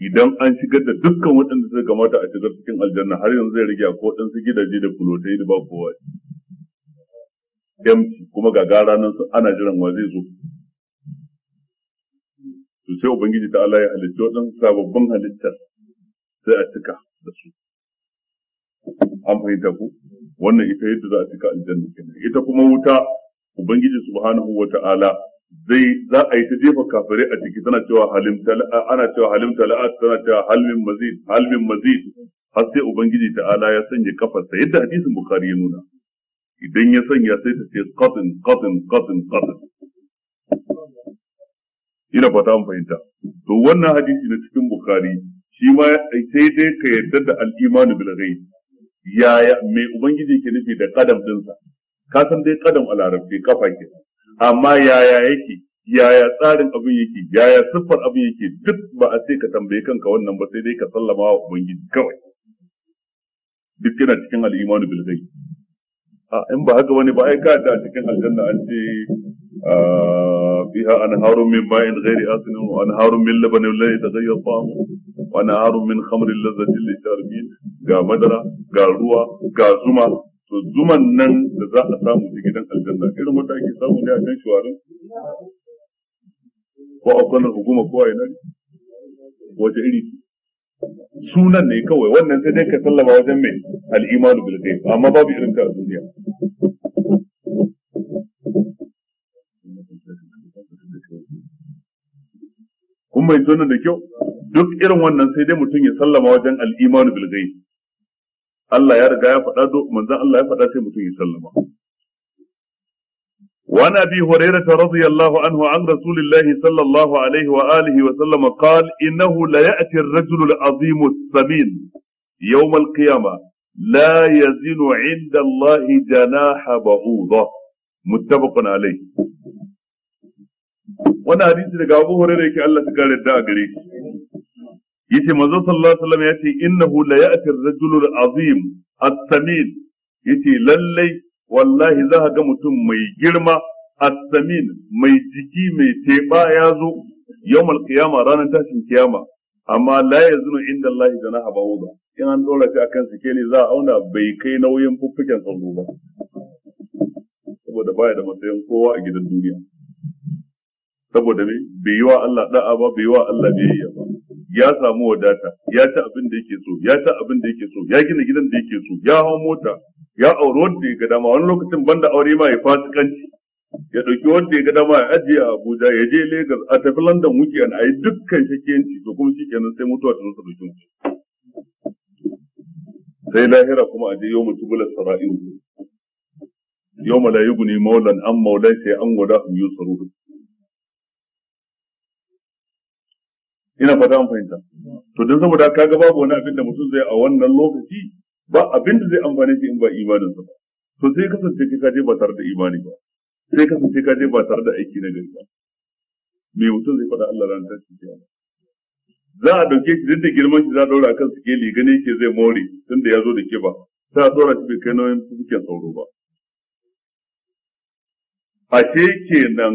idan an shigar da dukkan waɗanda suka kamata a shigar cikin aljanna har yanzu zai rage a ko gidaje da fulotai da ba kowa yamci kuma ga gara nan ana jiran wa zai zo to sai ubangiji ta Allah ya halitta waɗansu sababbin halittar sai a cika da su an fahimta ku wannan ita yadda za a cika aljanna kenan ita kuma wuta ubangiji subhanahu wata'ala zai za a yi ta jefa kafirai a ciki tana cewa halim ana cewa halim tala'at tana cewa halmin mazid halmin mazid har sai ubangiji ta Allah ya sanya kafarsa yadda hadisin bukhari ya nuna idan ya sanya sai ta ce katin katin katin katin ina fata an fahimta to wannan hadisi na cikin bukhari shi ma sai dai ka yarda da al-imanu bil ghaib yaya mai ubangiji ke nufi da kadam dinsa ka san dai kadam a larabci kafa ke amma yaya yake yaya tsarin abin yake yaya siffar abin yake duk ba a ce ka tambaye kanka wannan ba sai dai ka sallama wa ubangiji kawai duk yana cikin al-imanu bil ghaib in ba haka wani ba ai ka da cikin aljanna an ce biha ah, anharu min ma'in ghairi asin wa anharu min labani la taghayyara ta'amu wa anharu min khamrin lazzatin lisharibin ga madara ga ruwa ga zuma to zuman nan da za a samu cikin gidan aljanna irin wanda ake samu ne a kan shawarin ko a kwanar hukuma ko a ina wace iri sunan ne kawai wannan sai dai ka sallama wajen mai al'imanu bil ghaib amma babu irin ka a duniya kun mai sunan da kyau duk irin wannan sai dai mutum ya sallama wajen al'imanu bil ghaib Allah ya riga ya faɗa do manzon Allah ya faɗa sai mutum ya sallama وعن ابي هريره رضي الله عنه عن رسول الله صلى الله عليه واله وسلم قال انه لياتي الرجل العظيم الثمين يوم القيامه لا يزن عند الله جناح بعوضه متفق عليه wannan hadisi daga Abu Hurairah yake Allah ta kare da gare shi yace manzo sallallahu alaihi wasallam yace innahu la ya'ti ar azim as-samin yace lallai wallahi za ka ga mutum mai girma as-samin mai jiki mai teba ya zo yawmal qiyama ranar tashin kiyama amma la yazunu inda Allah na ba'uda in an dora shi akan sikeli za a auna bai kai nauyin fuffuken tsaro ba saboda baya da matsayin kowa a gidan duniya saboda ne bai yi wa Allah da'a ba bai yi wa Allah biyayya ba ya samu wadata ya ci abin da yake so ya ci abin da yake so ya gina gidan da yake so ya hau mota ya auri wanda ya ga dama wani lokacin banda aure ma ya fasikanci ya ɗauki wanda ya ga dama ya ajiye a Abuja ya je Lagos a tafi London weekend a yi dukkan shakiyanci to kuma shikenan sai mutuwa ta zo da ɗauki Sai lahira kuma a je yau mutu bulan sara'iru. Yau ma guni yuguni maulan an maulan sai an wada hum da. Ina fata an fahimta. To don saboda ka ga babu wani abin da mutum zai a wannan lokaci ba abin da zai amfane shi in ba imanin sa to sai kasance ka je ba tare da imani ba sai kasance ka je ba tare da aiki na gari ba me mutum zai faɗa Allah ranar tashi kiyama za a dauke shi duk da girman shi za a daura akan sikeli ne yake zai more tunda ya zo da ke ba. Ta tsora shi bai kai nauyin fukin sauro ba ashe kenan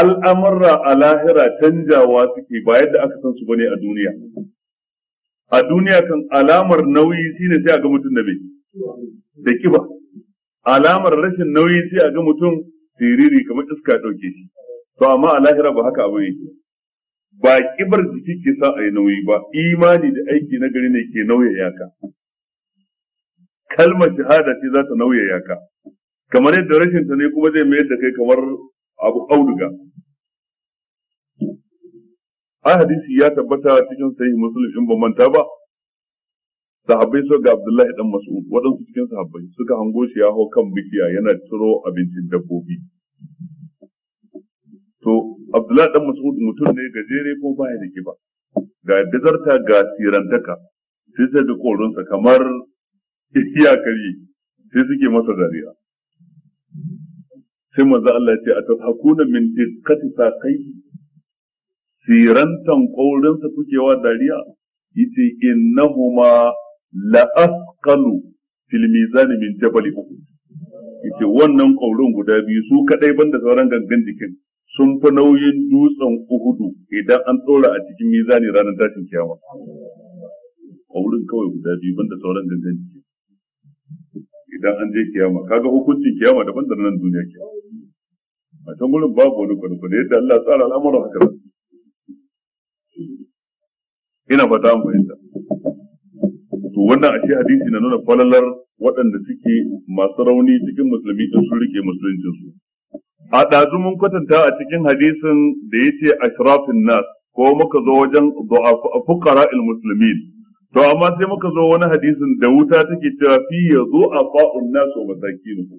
al'amurra a lahira canjawa suke ba yadda aka san su bane a duniya a duniya kan alamar nauyi shine sai a ga mutum da bai da kiba alamar rashin nauyi sai a ga mutum siriri kamar iska ɗauke shi to amma a lahira ba haka abu yake ba kibar jiki ke sa a yi nauyi ba imani da aiki na gari ne ke nauyaya ka kalmar shahada ce za ta nauyaya ka kamar yadda rashin ta ne kuma zai mayar da kai kamar abu auduga ai hadisi ya tabbata cikin sahih muslim in ban manta ba sahabbai so ga abdullahi dan mas'ud waɗansu cikin sahabbai suka hango shi ya hau kan bikiya yana ciro abincin dabbobi to abdullahi dan mas'ud mutum ne gajere ko baya da kiba ga dazarta ga sirantaka sai sai da korinsa kamar iyakari sai suke masa dariya sai manzo Allah ya ce atahakuna min dikkati saqai sirantan ƙaurinsa suke wa dariya yace innahuma la asqalu fil mizan min jabal uhud yace wannan ƙaurin guda biyu su kadai banda sauran gangan jikin sun fi nauyin dutsen uhudu idan an tsora a cikin mizani ranar tashin kiyama ƙaurin kawai guda biyu banda sauran gangan jikin idan an je kiyama kaga hukuncin kiyama daban da nan duniya kiyama a can gurin babu wani kwanu yadda Allah tsara al'amuran haka ina fata mu fahimta to wannan ashe hadisi na nuna falalar waɗanda suke masu rauni cikin musulmi din su rike musuluncin a ɗazu mun kwatanta a cikin hadisin da yace ashrafin nas ko muka zo wajen fuqara al muslimin to amma sai muka zo wani hadisin da wuta take cewa fi yazu afa'un nas wa ku.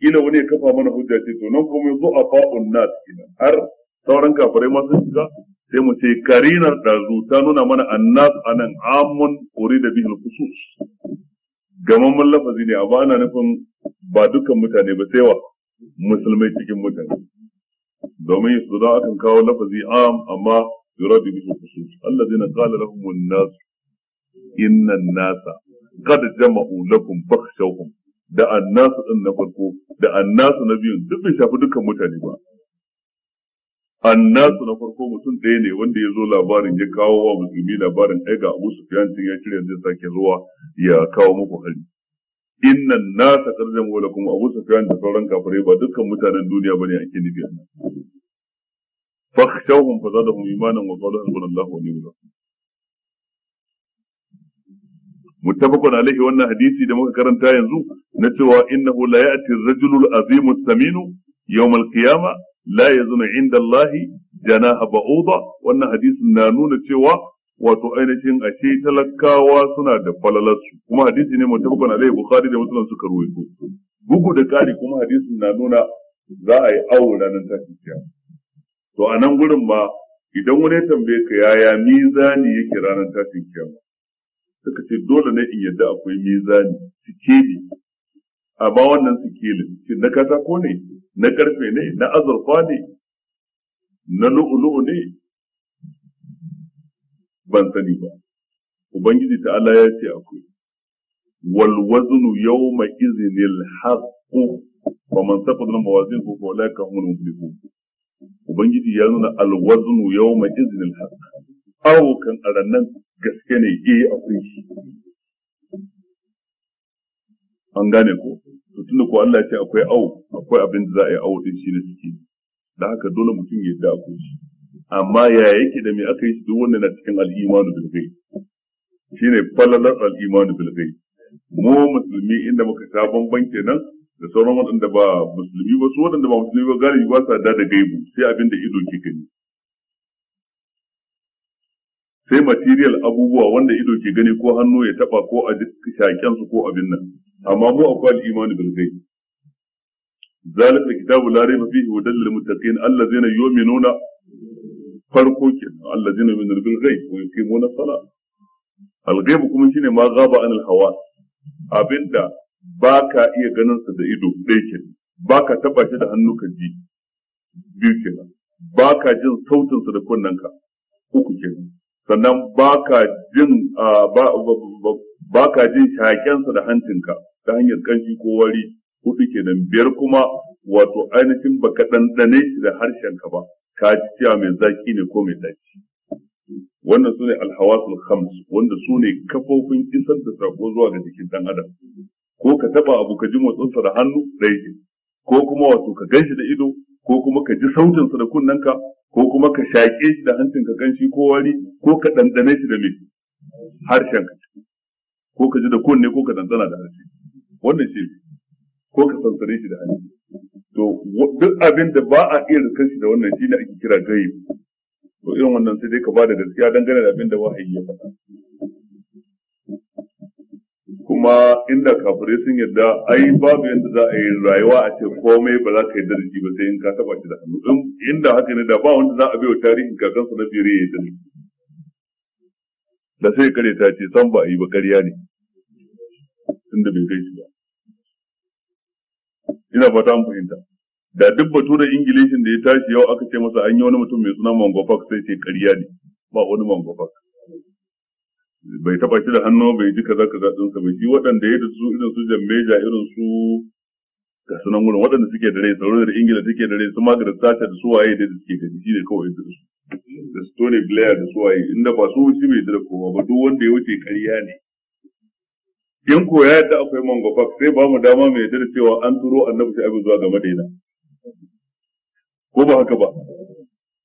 kila wani ya kafa mana hujja ce to nan kuma a fa'un nas kina har sauran kafirai ma sun shiga sai mu ce karinar ɗazu ta nuna mana annas anan amun uri da kusus. khusus gamamman lafazi ne amma ana nufin ba dukkan mutane ba sai wa musulmai cikin mutane domin su za akan kawo lafazi am amma yuradu bihil kusus, Allah zai na an-nas nasu, innan nasa kada jama'u lakum fakhshawhum da annasu ɗin na farko da annasu na biyun duk bai shafi dukkan mutane ba annasu na farko mutum ɗaya ne wanda ya zo labarin ya kawo wa musulmi labarin ɗaya ga abu sufiyancin ya shirya zai sake zuwa ya kawo muku hari inna nasa karjan wala kuma abu sufiyan da sauran kafirai ba dukkan mutanen duniya bane ake nufi fakhshawhum fazadahum imanan wa na hasbunallahu wa ni'mal Mu muttafaqun alaihi wannan hadisi da muka karanta yanzu na cewa innahu la ya'ti ar-rajulu al-azimu saminu yawm al la yazunu inda Allah janaha ba'uda wannan hadisin na nuna cewa wato ainihin ashe talakawa suna da falalarsu kuma hadisi ne mutabakon alaihi bukhari da muslim suka ruwaito bugu da kari kuma hadisin na nuna za a yi awo ranar tashin to a nan gurin ma idan wani tambaye ka yaya mizani yake ranar tashin suka ce dole ne in yadda akwai mizani sikeli amma wannan sikelin shi na katako ne na karfe ne na azurfa ne na lu'ulu'u ne ban sani ba ubangiji Allah ya ce akwai wal waznu yawma izinil haqqu wa man saqad mawazinuhu fa ulaika humul muflihun ubangiji ya nuna al waznu yawma izinin haqq awo kan arannan gaske ne eh akwai shi an gane ko to tunda ko Allah ce akwai au akwai abin da za a yi au din shi ne suke da haka dole mutum ya da ko shi amma ya yake da me aka yi duk wannan na cikin al-imanu bil ghaib shine falalar al-imanu bil ghaib mu musulmi inda muka ta bamban kenan da sauran waɗanda ba musulmi ba su waɗanda ba musulmi ba galibi ba sa da da gaibu sai abin da ido ke gani sai material abubuwa wanda ido ke gani ko hannu ya taba ko a shaƙen su ko abin nan amma mu akwai al-imanu bil ghaib zalika kitabu la rayba fihi wa dalil muttaqin allazina yu'minuna farko kenan allazina yu'minuna bil ghaib wa yuqimuna salat al-ghaib kuma shine ma ghaba al hawa abinda baka iya ganin sa da ido ɗaya kenan baka taba shi da hannu ji biyu kenan baka jin sautin sa da kunnanka uku kenan sannan baka jin ah, baka jin shakensa da hancinka ta hanyar ƙanshi ko wari hudu kenan biyar kuma wato ainihin baka ɗanɗane shi da harshenka ba ka ci cewa mai zaki ne ko mai ɗaci wannan su ne alhawasul Hams, wanda su ne kafofin isar da sako zuwa ga jikin dan adam ko ka taɓa abu ka ji motsinsa da hannu ɗaya ke ko kuma wato ka ganshi da ido ko kuma ka ji sautinsa da kunnenka ko kuma ka shaƙe shi da hancin ka ganshi ko wari ko ka ɗanɗane shi da mai harshenka ko ka ji da kunne ko ka ɗanɗana da harshe wannan shi ko ka sansare shi da hannu to duk abin da ba a iya rikar shi da wannan shi ne ake kira gai to irin wannan sai dai ka ba da gaskiya dangane da abin da yi ya faɗa kuma inda kafirai sun yadda ai babu yadda za a yi rayuwa a ce komai ba za ka yi da ba sai in ka taba shi da hannu in inda haka ne da ba wanda za a bai wa tarihin kakansa na fere ya yi da sai kare ta ce san ba a yi ba karya ne tunda bai kai shi ba ina fata an fahimta da duk da ingilishin da ya tashi yau aka ce masa an yi wani mutum mai suna mango park sai ce ƙarya ne ba wani mango park bai taba shi da hannu bai ji kaza kaza din sa bai shi waɗanda ya da su irin su meja irin su ga sunan gurin waɗanda suke da rai sauro da ingila suke da rai su da thatcher da su waye da suke da shi ne kawai da su da stone Blair da su waye inda ba su shi mai dira kowa ba duk wanda ya wuce ƙarya ne in ko ya yadda akwai mangofak sai ba mu dama mai yadda cewa an turo annabi shi abin zuwa ga madina ko ba haka ba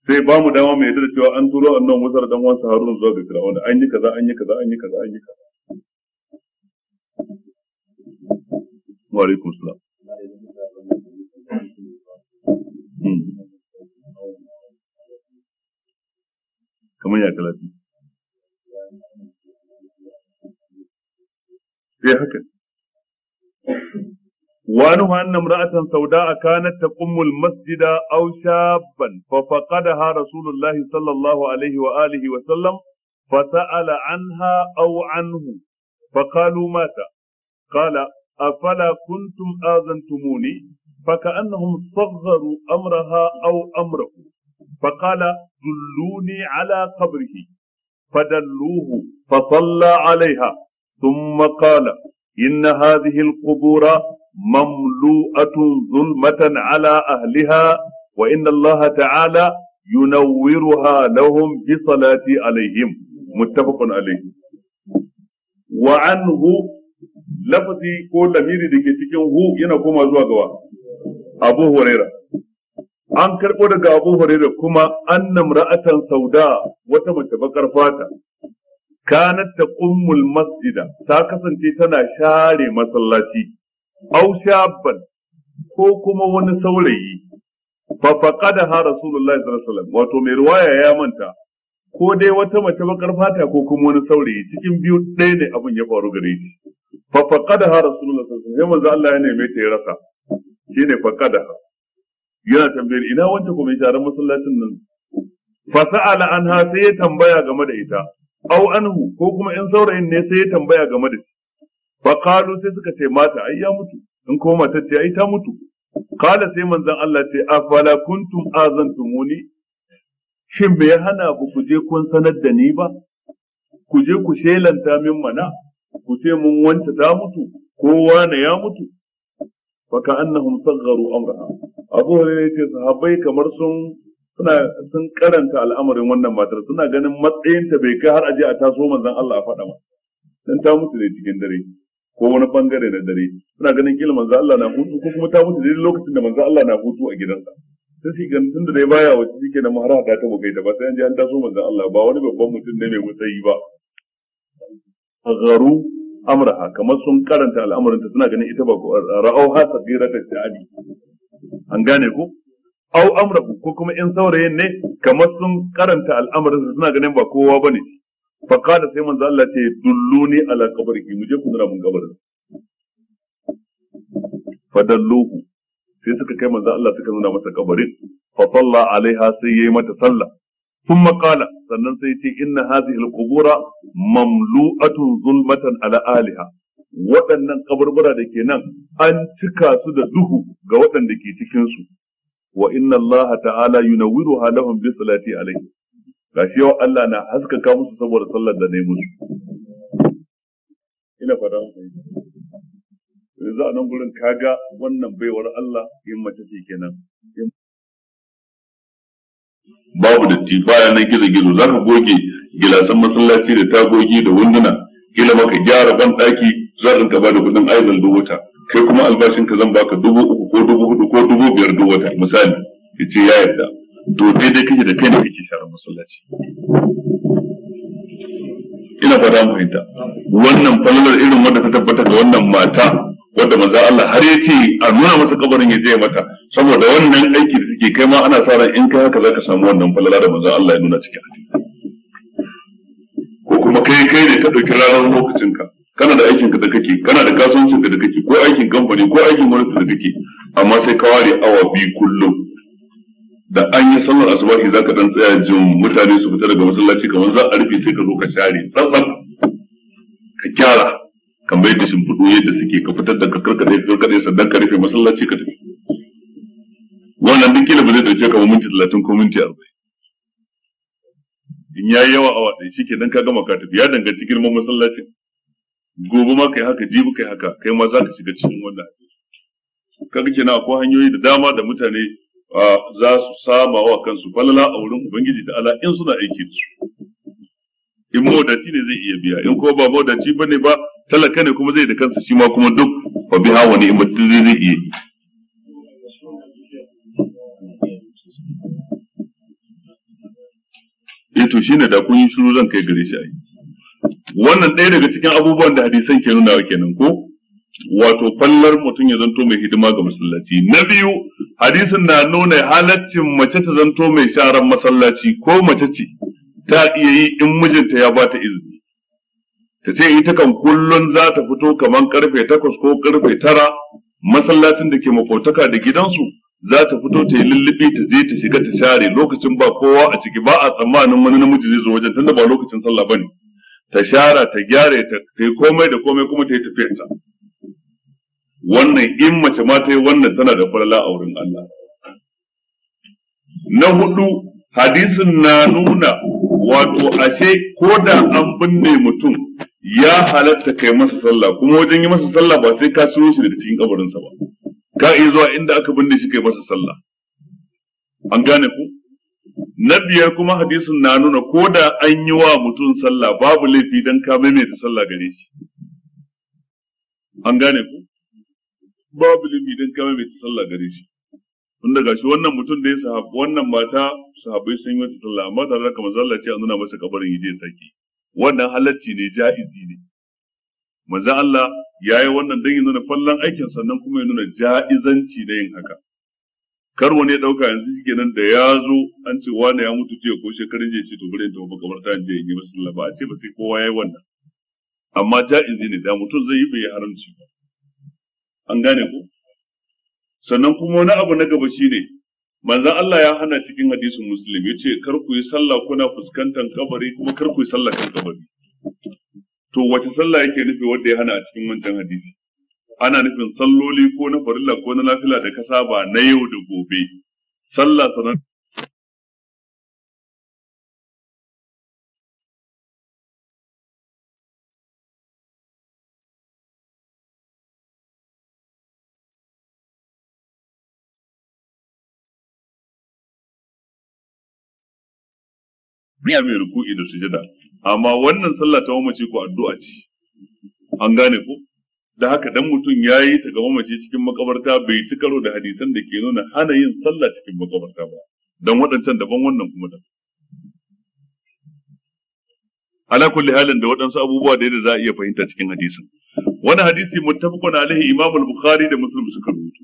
sai ba mu dama mai yadda cewa an turo annabi musa da dan wansa haruna zuwa ga wanda an yi kaza an yi kaza an yi kaza an yi kaza wa alaikum salam hmm. kamar ya talatin sai eh, haka wani anna imra'atan sauda'a kanat taqummul masjida au shabban fa faqadaha rasulullahi sallallahu alaihi wa alihi wa sallam فسأل عنها أو عنه فقالوا مات قال أفلا كنتم آذنتموني فكأنهم صغروا أمرها أو أمره فقال دلوني على قبره فدلوه فصلى عليها ثم قال إن هذه القبور مملوءة ظلمة على أهلها وإن الله تعالى ينورها لهم بصلاة عليهم متفق عليه وعنه lafazi ko lamiri da ke cikin hu yana koma zuwa gawa abu huraira an karɓo daga abu huraira kuma annam atan sauda wata mace bakar fata kanat taqummul masjida ta kasance tana share masallaci aw shabban ko kuma wani saurayi fa faqadaha rasulullahi sallallahu alaihi wasallam wato mai riwaya ya manta ko dai wata mace bakar fata ko kuma wani saurayi cikin biyu ɗaya ne abin ya faru gare shi fa faqadaha rasulullahi sallallahu alaihi wasallam Allah ya neme ta ya rasa shine faqadaha yana tambayar ina wanda kuma sharar masallacin nan fa sa'ala anha sai ya tambaya game da ita Au, anhu ko kuma 'yan saurayin ne sai ya tambaya game da shi fa qalu sai suka ce mata ai ya mutu in ko mata ce ai ta mutu qala sai manzon Allah ce afala kuntum azantumuni shin bai hana ku kuje kun sanar da ni ba ku je ku shelanta min mana ku ce mun wanta ta mutu kowa na ya mutu fa ka annahum sagharu amra abu hurairah ce sahabbai kamar sun suna sun karanta al'amarin wannan matar suna ganin matsayinta bai kai har aje a taso manzon Allah a faɗa ma dan ta mutu ne cikin dare ko wani bangare na dare suna ganin kila manzon Allah na hutu ko kuma ta mutu ne lokacin da manzon Allah na hutu a gidansa sai shi ganin tunda dai baya wace shi kenan mahara ta ta bugaita ba sai an je an taso manzon Allah ba wani babban mutum ne mai mutsayi ba garu amraha kamar sun karanta al'amarin ta suna ganin ita ba ra'au ha sabira ta ta'ali an gane ko au amrahu ko kuma in saurayin ne kamar sun karanta al'amarin su suna ganin ba kowa bane fa kada sai manzo Allah ce dulluni ala qabrihi mu je ku nuna mun gabarin fa dalluhu sai suka kai manzo Allah suka nuna masa kabarin fa salla alaiha sai yayi mata sallah ثم قال sannan sai ce inna hadhihi alqubura mamlu'atun zulmatan ala aliha waɗannan kaburbura da ke nan an cika su da duhu ga waɗanda ke cikin su wa inna Allah ta'ala yunawwiru halahum bi salati alayhi gashi yau Allah na haskaka musu saboda sallar da nayi musu ina fata yanzu a nan gurin kaga wannan baiwar Allah in mace ce kenan babu datti baya na gizo gizo za ka goge gilasan masallaci da tagogi da wunduna kila maka gyara ban daki ka ba da kuɗin aizal da wuta kai kuma albashin ka zan baka dubu uku ko dubu hudu ko dubu biyar duk wata misali ya ce ya yarda to daidai kake da kai ne kake sharar masallaci ina fata mu fahimta wannan falalar irin wanda ta tabbata ga wannan mata wanda manzo Allah har ya ce a nuna masa kabarin ya je mata saboda wannan aiki da suke kai ma ana sa ran in kai haka zaka samu wannan falala da manzo Allah ya nuna cikin hadisi ko kuma kai kai ne ka dauki ranar lokacin ka kana da aikin ka da kake kana da kasuwancin ka da kake ko aikin kamfani ko aikin gwamnati da kake amma sai ka ware awa biyu kullum da an yi sallar asubahi zaka dan tsaya jin mutane su fita daga masallaci kamar za a rufe sai ka zo ka share tsatsan ka kyara, ka mai da shimfiɗu yadda suke ka fitar da kakar ka karkaɗe sannan ka rufe masallaci ka tafi wannan duk kila ba zai ɗauke ka minti talatin ko minti arba'in in ya yi yawa awa ɗaya shike dan ka gama ka tafi ya danganci girman masallacin gobe ma kai haka jibi kai haka kai ma za ka shiga cikin wannan kaga kenan akwai hanyoyi da dama da mutane za su sama wa kansu falala a wurin ubangiji da ala in suna aiki da su in mawadaci ne zai iya biya in kuma ba mawadaci ba ne ba talaka ne kuma zai da kansa shi ma kuma duk fa biha wani in mutum zai zai iya eh to shine da kun yi shiru zan kai gare shi a yi. wannan ɗaya daga cikin abubuwan da hadisan ke nuna kenan ko wato fallar mutum ya zanto mai hidima ga masallaci na biyu hadisin na nuna halaccin mace ta zanto mai sharan masallaci ko mace ce ta iya yi in mijinta ya bata izini ta ce ita kan kullun za ta fito kamar karfe takwas ko karfe tara masallacin da ke makotaka da gidansu za ta fito ta yi lullubi ta je ta shiga ta share lokacin ba kowa a ciki ba a tsammanin wani namiji zai zo wajen tunda ba lokacin sallah ba ne. ta shara ta gyara ta ta komai da komai kuma ta yi tafiyarta wannan in mace ma ta yi wannan tana da falala a wurin Allah na hudu hadisin na nuna wato ashe ko da an binne mutum ya halatta kai masa sallah kuma wajen yi masa sallah ba sai ka ciro shi daga cikin kabarinsa ba ka iya zuwa inda aka binne shi kai masa sallah an gane ku na biyar kuma hadisin na nuna ko da an yi wa mutum sallah babu laifi don ka maimaita sallah gare shi an gane ku babu laifi don ka maimaita sallah gare shi tun ga shi wannan mutum da ya sahab wannan mata sahabai sun yi wata sallah amma tare da kama zalla ce an nuna masa kabarin yaje zai saki wannan halacci ne ja'izi ne manzo Allah yayi wannan dan ya nuna fallan aikin sannan kuma ya nuna ja'izanci da yin haka kar wani ya dauka yanzu nan da ya zo an ce wani ya mutu jiya ko shekarun jiya ce to bari ta makabarta in je yi masa sallah ba a ce ba sai kowa yayi wannan amma ja'izi ne da mutum zai yi bai haramci ba an gane ko sannan kuma wani abu na gaba shine manzon Allah ya hana cikin hadisin muslim yace kar ku yi sallah kuna fuskantar kabari kuma kar ku yi sallah kan kabari to wace sallah yake nufi wanda ya hana a cikin wancan hadisi ana nufin salloli ko na farilla ko na lafila da ka saba na yau da gobe sallah sanar Riya mai ruku'i da sujada, amma wannan sallah ta mamace ko addu'a ce, an gane ko? da haka dan mutum ya yi ta gaba mace cikin makabarta bai ci karo da hadisan da ke nuna hana yin sallah cikin makabarta ba dan waɗancan daban wannan kuma da ala kulli halin da waɗansu abubuwa da za a iya fahimta cikin hadisin wani hadisi muttafaqun alaihi imam al-bukhari da muslim suka rubuta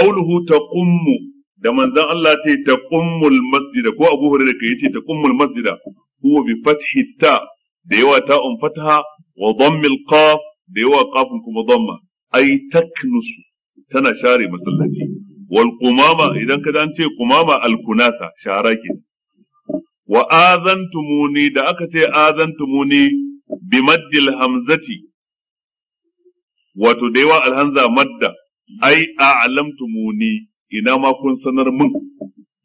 qawluhu taqummu da manzon Allah ce taqummul masjida ko abu hurairah kai ce taqummul masjida huwa bi fathi ta da yawa ta fataha wa dhammil qaf da yawa kafin kuma dhamma ai taknusu tana share masallaci wal qumama idan ka an ce qumama al kunasa shara ke wa azantumuni da aka ce azantumuni bi maddil hamzati wato da yawa alhanza madda ai a'lamtumuni ina ma kun sanar min?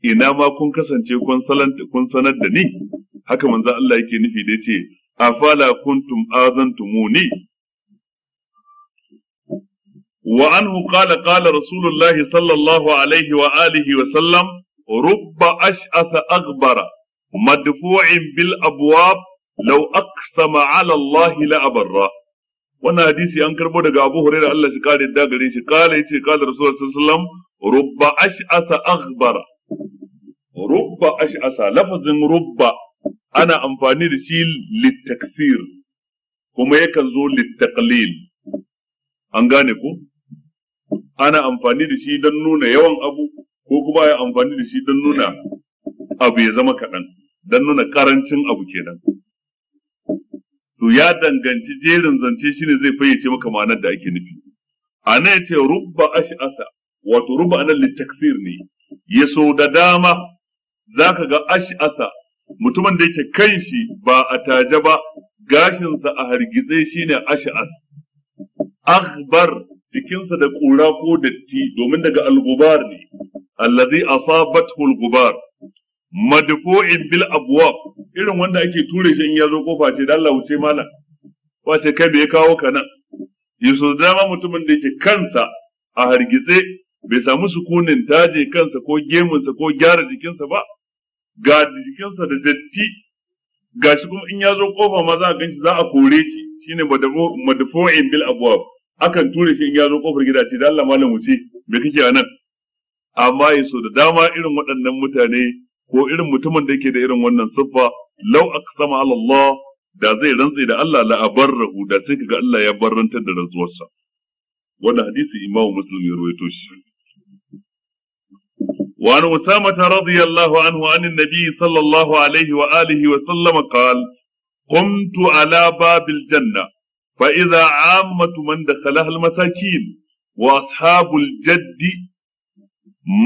ina ma kun kasance kun salanta kun sanar da ni haka manzo Allah yake nufi da yace afala kuntum azantumuni wa anhu qala qala rasulullah sallallahu alaihi wa alihi wa sallam rubba ash'asa aghbara madfu'in bil abwab lau aqsama ala la abarra wannan hadisi an karbo daga Abu Hurairah Allah shi kare da gare shi kala yace kala Rasulullah sallallahu alaihi wasallam rubba ash'asa aghbara rubba ash'asa lafazin rubba ana amfani da shi litakfir kuma yakan zo litaqlil an gane ku ana amfani da shi don nuna yawan abu ko kuma ya amfani da shi don nuna abu ya zama kaɗan don nuna ƙarancin abu kenan to ya danganci jerin zance shi ne zai fayyace maka ma'anar da ake nufi a nan ce rubba asa, wato rubba anan litakfir ne ya so da dama zaka ga asa, mutumin da yake kan shi ba a taje ba gashinsa a hargitse shine asa. akhbar jikinsa da ƙura ko datti domin daga al-gubar ne allazi asabathu al-gubar madfu'in bil abwab irin wanda ake ture shi in ya zo kofa ce da Allah wuce mana ba ce kai bai kawo ka nan yusuf dama mutumin da yake kansa a hargitse bai samu sukunin taje kansa ko gemunsa ko gyara jikinsa ba ga jikinsa da datti gashi kuma in yazo zo kofa ma za a ganshi za a kore shi shine madfu'in bil abwab akan ture shi in ya zo kofar gida ce da Allah malam wuce me kake a nan amma ya so da dama irin waɗannan mutane ko irin mutumin da yake da irin wannan siffa lau aqsama ala Allah da zai rantse da Allah la abarrahu da sai kaga Allah ya barrantar da rantsuwarsa wannan hadisi Imam Muslim ya rawaito shi wa an Usama radiyallahu anhu an annabi sallallahu alaihi wa alihi wa sallam qala قمت على باب الجنه فإذا عامة من دخلها المساكين وأصحاب الجد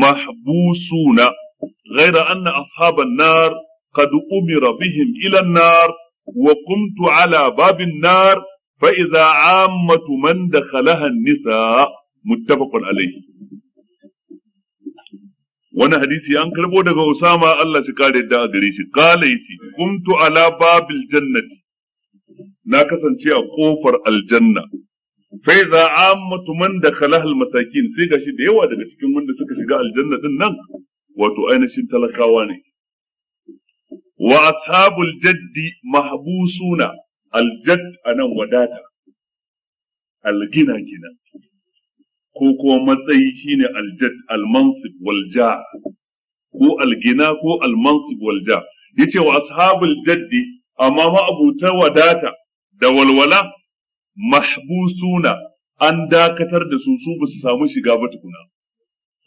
محبوسون غير أن أصحاب النار قد أمر بهم إلى النار وقمت على باب النار فإذا عامة من دخلها النساء متفق عليه وانا حديثي أنكر بودك أسامة الله Allah shi kare da a gare shi kala na kasance a kofar aljanna faiza za ammatu man dakhala al masakin sai gashi da yawa daga cikin wanda suka shiga aljanna din nan wato ainihin talakawa ne wa ashabul jaddi mahbusuna aljad anan wadata algina gina ko kuma matsayi shine aljad jadd walja. ko algina, ko al walja, yace wa ashabul jaddi amma ma'abuta wadata da walwala mahbusuna an dakatar da su su ba su samu shiga ba tukuna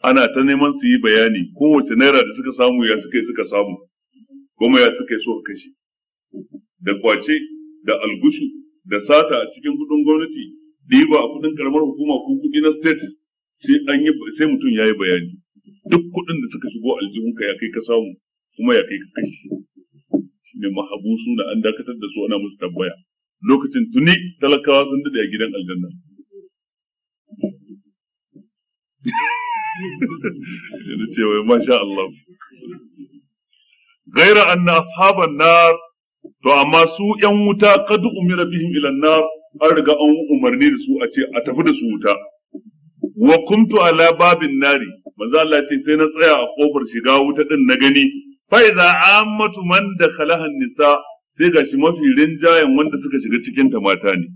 ana ta neman su yi bayani kowace naira da suka samu ya suka suka samu kuma ya suka yi so kashe da kwace da algushu da sata a cikin kudin gwamnati ɗiba a kudin karamar hukuma ko kudi na state sai sai mutum ya yi bayani duk kudin da suka shigo aljihunka ya kai ka samu kuma ya kai ka kashe ne mahabusu na an dakatar da su ana musu tambaya lokacin tuni talakawa sun dade a gidan aljanna yana cewa masha Allah gaira anna ashaban nar to amma su yan wuta qad umira bihim ila nar an riga an umarni da su a ce a tafi da su wuta wa kuntu ala babin nari manzo Allah ce sai na tsaya a kofar shiga wuta din na gani fa idza ammatu man dakhalaha nisa sai ga shi mafi rinjayen wanda suka shiga cikin ta mata ne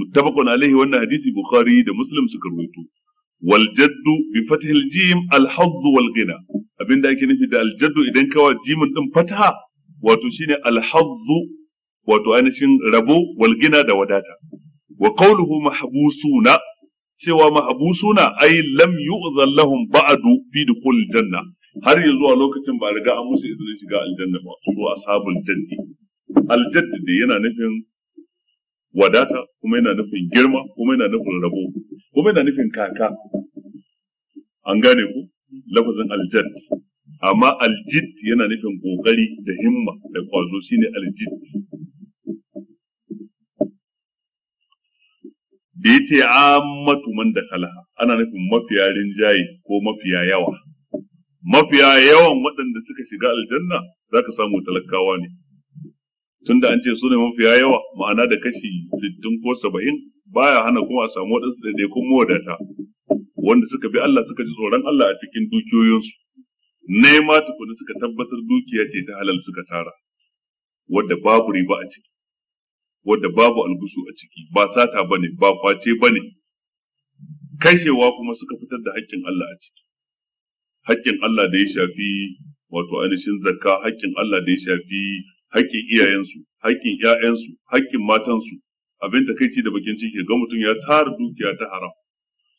muttafaqun alaihi wannan hadisi bukhari da muslim suka rawaito wal jaddu bi fathil jim al abinda ake nufi da al idan kawa jimin din fataha wato shine al wato ainihin rabo wal da wadata wa qawluhu mahbusuna cewa mahbusuna ai lam yu'zan lahum ba'du fi dukhul janna har yi zuwa lokacin ba riga an musu izinin shiga aljanna ba su sabon jaddi aljaddi da yana nufin wadata kuma yana nufin girma kuma yana nufin rabo kuma yana nufin kaka an gane ku lafazin aljadd amma aljid yana nufin kokari da himma da kwazo shine aljid da ce amma man da ana nufin mafiya rinjaye ko mafiya yawa mafiya yawan waɗanda suka shiga aljanna za ka samu talakawa ne tunda an ce su ne mafiya yawa ma'ana da kashi sittin ko saba'in baya hana kuma a samu waɗansu ɗaiɗaikun wadata. wanda suka bi Allah suka ji tsoron Allah a cikin dukiyoyinsu nema tukuna suka tabbatar dukiya ce ta halal suka tara wadda babu riba a ciki wadda babu algusu a ciki ba sata bane ba kwace bane kashewa kuma suka fitar da haƙƙin Allah a ciki haƙƙin Allah da ya shafi wato ainihin zakka haƙƙin Allah da ya shafi haƙƙin iyayensu haƙƙin ƴaƴansu haƙƙin matansu abin da kai da bakin ciki ga mutum ya tara dukiya ta haram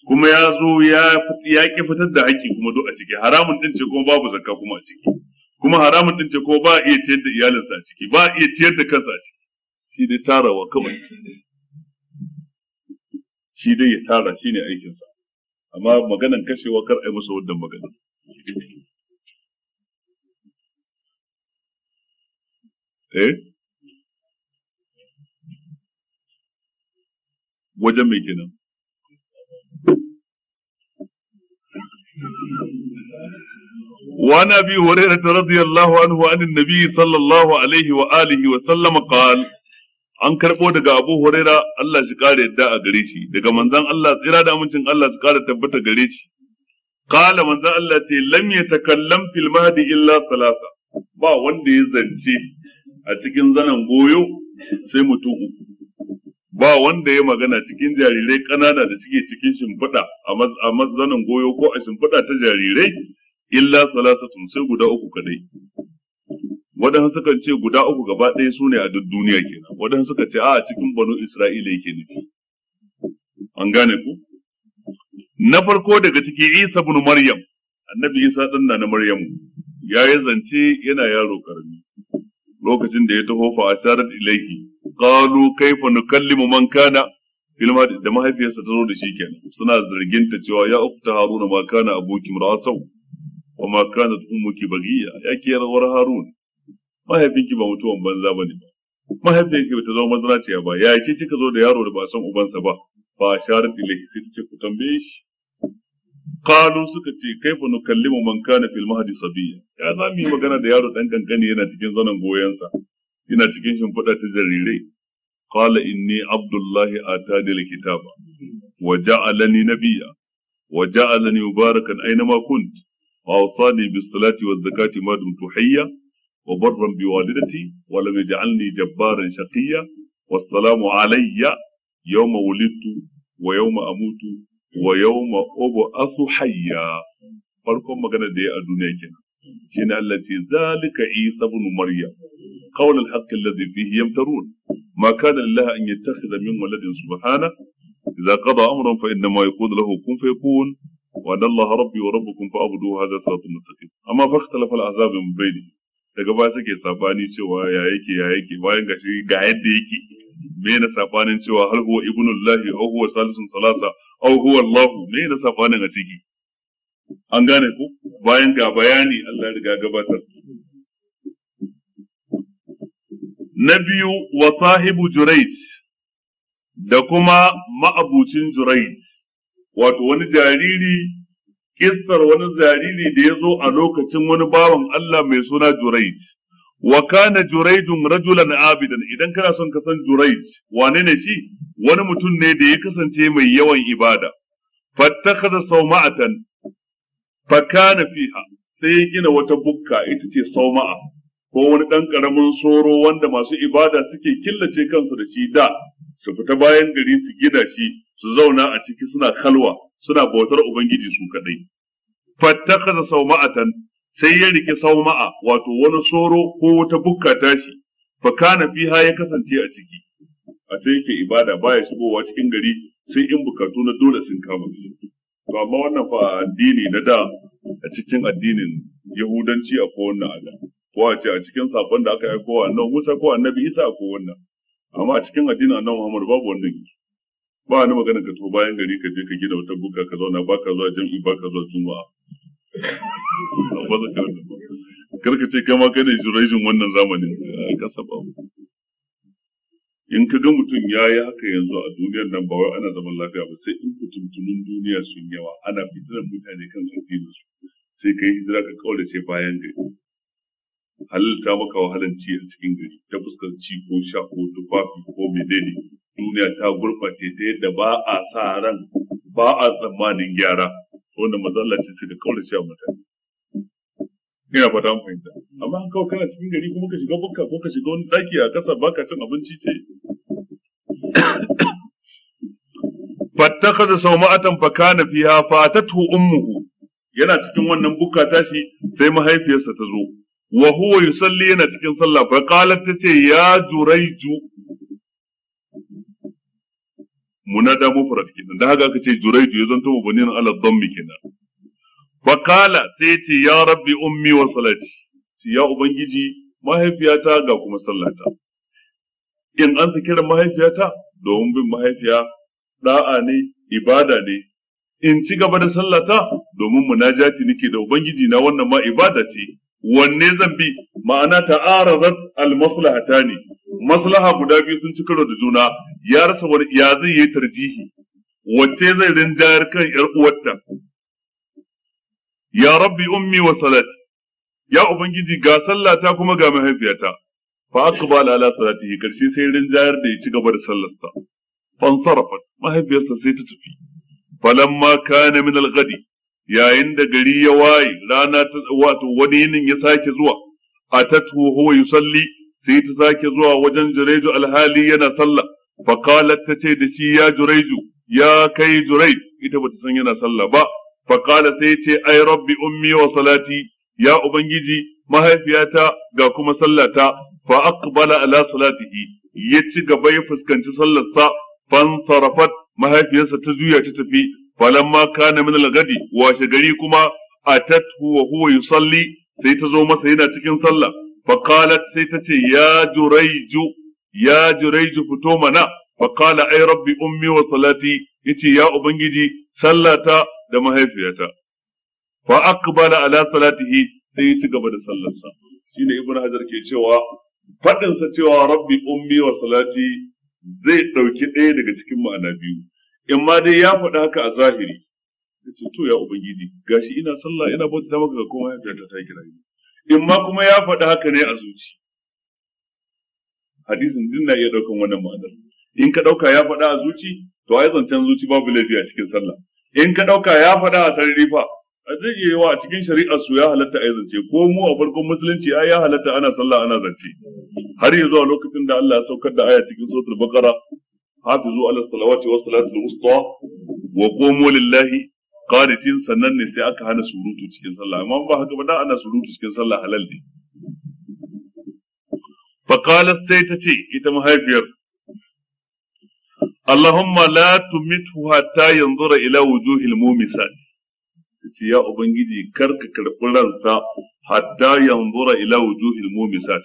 kuma ya zo ya ya ki fitar da haƙƙi, kuma duk a ciki haramun din ce kuma babu zakka kuma a ciki kuma haramun din ce kuma ba iya ciyar da iyalinsa a ciki ba iya ciyar da kansa a ciki shi dai tarawa kawai shi dai ya tara shi ne aikinsa amma maganan kashewa kar a yi masa wannan magana eh wajen mai kenan وعن ابي هريره رضي الله عنه عن النبي صلى الله عليه واله وسلم قال an karɓo daga Abu Huraira Allah shi ƙara yadda a gare shi daga manzon Allah tsira da amincin Allah su ƙara tabbata gare shi qala manzo Allah ce lam yatakallam fil mahdi illa salasa ba wanda ya zance a cikin zanen goyo sai mutum uku ba wanda ya magana cikin jarirai ƙanana da suke cikin shimfiɗa a mazanin goyo ko a shimfiɗa ta jarirai illa salasatun sai guda uku kadai waɗansu sukan ce guda uku gaba ɗaya sune a duk duniya kenan waɗansu suka ce a cikin banu isra'ila yake nufi an gane ku na farko daga ciki Isa ibn Maryam annabi Isa din na Maryam ya yi zance yana yaro karami lokacin da ya taho fa asharat ilayhi qalu kayfa nukallimu man kana filma da mahaifiyarsa ta zo da shi kenan suna zargin ta cewa ya ukta haruna ma kana abuki murasau wa ma kana ummuki bagiya yake rawar harun mahaifinki ba mutuwan banza bane ba mahaifiyarki ta zama mazraciya ba ya kika zo da yaro da ba san ubansa ba fa sharat ilayhi sai ta ce ku tambaye shi qalu suka ce kaifa nukallimu man kana fil mahdi sabiya ya za mu yi magana da yaro dan kankani yana cikin zanen goyensa yana cikin shimfiɗa ta jarirai qala inni abdullahi atani alkitaba wa ja'alani nabiyya wa ja'alani mubarakan aina kunt wa awsani bis salati waz zakati ma dumtu hayya wa barran bi walidati wa lam yaj'alni jabbaran shaqiyya wassalamu alayya yawma wulidtu wa yawma amutu wa yawma ub'asu hayya farkon magana da ya a duniya kenan shine Allah ce zalika isa ibn marya? qawl al-haqq alladhi fihi yamtarun ma kana lillahi an yattakhidha min waladin subhana idza qada amran fa inma yaqulu lahu kun fayakun wa Allah rabbi wa rabbukum fa'buduhu hadha siratun mustaqim amma fa ikhtalafa al min bayni daga ba suke sabani cewa ya yake ya yake bayan gashi ga yadda yake mena sabanin cewa hal huwa ibnullahi aw huwa salisun salasa au huwa Allahu me da sabanin a ciki an gane ku bayan ga bayani Allah ya riga gabatar na biyu wa sahibu jurayj da kuma ma'abucin jurayj wato wani jariri kissar wani jariri da ya zo a lokacin wani bawan Allah mai suna jurayj wa kana juraijun rajulan abidan idan kana son ka san juraij wane ne shi wani mutum ne da ya kasance mai yawan ibada fattakhadha sawma'atan fa kana fiha sai ya gina wata bukka ita ce sauma'a ko wani ɗan karamin soro wanda masu ibada suke killace kansu da shi da su fita bayan gari su gida shi su zauna a ciki suna kalwa suna bautar ubangiji su kaɗai fattakaza sawma'atan sai ya rike sauma'a wato wani soro ko wata bukka tashi fa kana fiha ya kasance a ciki a sai yake ibada baya shigowa cikin gari sai in bukatu na dole sun kama shi to amma wannan fa addini na da a cikin addinin yahudanci a wannan ada ko a ce a cikin sabon da aka yi ko annabi Musa ko annabi Isa ko wannan amma a cikin addinin annabi Muhammad babu wannan ba ni magana ka to bayan gari ka je ka gina wata bukka ka zauna ba ka zuwa jami'i ka zuwa juma'a ce kai ma kai wannan zamanin a ƙasa ba in ka ga mutum ya yi haka yanzu a duniyar nan ba wai ana zaman lafiya ba sai in fitintunin duniya sun yawa ana fitinar mutane kan addinin su sai ka yi hijira ka kaura ce bayan gari halitta maka wahalar ci a cikin gari ta fuskanci ci ko sha ko tufafi ko menene duniya ta gurɓace ta yadda ba a sa ran ba a tsammanin gyara wanda manzo Allah ce suka kaurace cewa mata. ina fata mu fahimta amma an kawo kana cikin gari kuma ka shiga bukka ko ka shiga wani daki a ƙasa baka cin abinci ce da fattakhadha sawma'atan fa kana fiha fatathu ummuhu yana cikin wannan bukka shi sai mahaifiyarsa ta zo wa huwa yusalli yana cikin sallah fa qalat tace ya juraiju munada mufrad kenan da haka aka ce juraidu ya zanto mabanin ala dhammi kenan fa qala sai ce ya rabbi ummi wa salati ce ya ubangiji mahaifiyata ga kuma sallata in an sa kiran mahaifiyata domin bin mahaifiya da'a ne ibada ne in ci gaba da sallata domin munajati nake da ubangiji na wannan ma ibada ce wanne zan bi ma'ana ta'aradat al ne. maslaha guda biyu sun ci karo da juna ya rasa wani ya zai yi tarjihi wacce zai rinjayar kan yar uwarta ya rabbi ummi wa salat ya ubangiji ga sallata kuma ga mahaifiyata fa aqbala ala salatihi karshe sai rinjayar da ya ci gaba da sallarsa fansarafat mahaifiyarsa sai ta tafi falamma kana min al-ghadi yayin da gari ya waye rana ta wato wani yinin ya sake zuwa A huwa yusalli sai ta sake zuwa wajen Jureju alhali yana sallah fa qalat tace da shi ya Jureju ya kai Jurej ita bata san yana sallah ba fa qala sai ce ai rabbi ummi wa salati ya ubangiji mahaifiyata ga kuma sallata fa aqbala ala salatihi ya ci gaba ya fuskanci sallarsa fan sarafat mahaifiyarsa ta juya ta tafi falamma kana min lagadi, washe gari kuma atathu wa huwa yusalli sai ta zo masa yana cikin sallah fa sai ta ce ya juraiju ya juraiju fito mana fa ai ay rabbi ummi wa salati yace ya ubangiji sallata da mahaifiyata fa aqbala ala salatihi sai ya ci gaba da sallarsa shine ibnu hajar ke cewa faɗinsa cewa rabbi ummi wa salati zai dauki ɗaya daga cikin ma'ana biyu in ma dai ya faɗa haka a zahiri ya ce to ya ubangiji gashi ina sallah ina bauta maka ga ya mahaifiyata ta kira ni in ma kuma ya faɗa haka ne a zuci hadisin din na iya ɗaukan wannan ma'anar in ka ɗauka ya faɗa a zuci to ai zancen zuci babu laifi a cikin sallah in ka ɗauka ya faɗa a sarari fa a zai iya yawa a cikin shari'ar su ya halatta a zance ko mu a farkon musulunci ai ya halatta ana sallah ana zance har yanzu a lokacin da Allah ya saukar da aya cikin suratul baqara hafizu ala salawati wa salatul wusta wa qumu lillahi qanitin sannan ne sai aka hana surutu cikin sallah amma ba haka ba dan ana surutu cikin sallah halal ne fa sai ta ce ita mahaifiyar Allahumma la tumithu hatta yanzura ila wujuhil mumisat ce ya ubangiji kar ka karɓi ransa hatta yanzura ila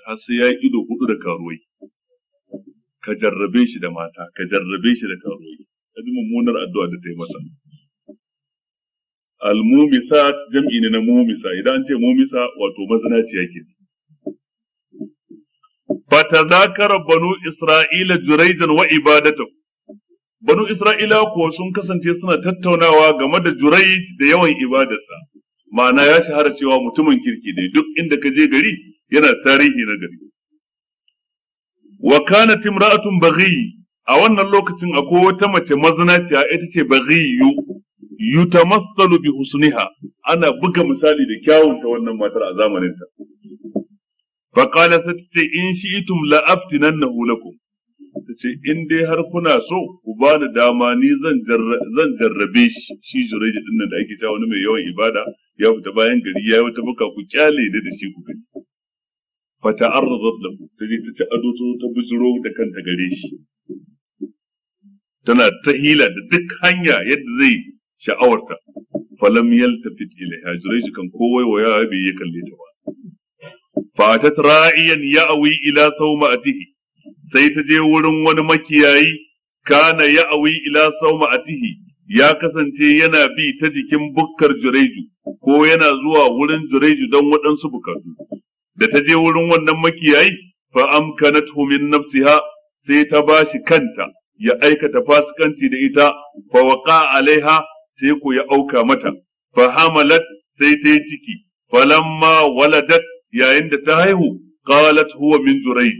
har sai ya ido huɗu da karuwai ka jarrabe shi da mata ka jarrabe shi da karuwa ka ji mummunar addu'a da ta yi masa al jam'i ne na mumisa idan an ce mumisa wato mazinaciya ke fatazakara banu isra'ila juraijan wa ibadatahu banu isra'ila ko sun kasance suna tattaunawa game da juraij da yawan ibadarsa ma'ana ya shahara cewa mutumin kirki ne duk inda ka je gari yana tarihi na gari wa kana timra'atun baghi a wannan lokacin akwai wata mace mazinaciya ita ce baghiyu yutamassalu bi husniha ana buga misali da kyawun ta wannan matar a zamanin ta fa qala sai ce in shi'tum la aftinannahu lakum tace in dai har kuna so ku bani dama ni zan zan jarrabe shi shi jureji din nan da ake cewa wani mai yawan ibada ya fita bayan gari ya wata buka ku kyale da shi ku gani fa da lahu ta je ta ci ado ta bujiro da kanta gare shi tana ta hila da duk hanya yadda zai sha'awarta falam ya ilaiha shi kan kowai wa ya bai ya kalle ta ba fa ta ra'iyan ya'wi ila sawma'atihi sai ta je wurin wani makiyayi kana ya'wi ila sawma'atihi ya kasance yana bi ta jikin bukkar jurayju ko yana zuwa wurin jurayju don waɗansu bukatu da ta je wurin wannan makiyayi fa amkanathu min nafsiha sai ta bashi kanta ya aikata fasikanci da ita fa waqa alaiha sai ko ya auka mata fa hamalat sai ta yi ciki falamma waladat yayin da ta haihu qalat huwa min jurayj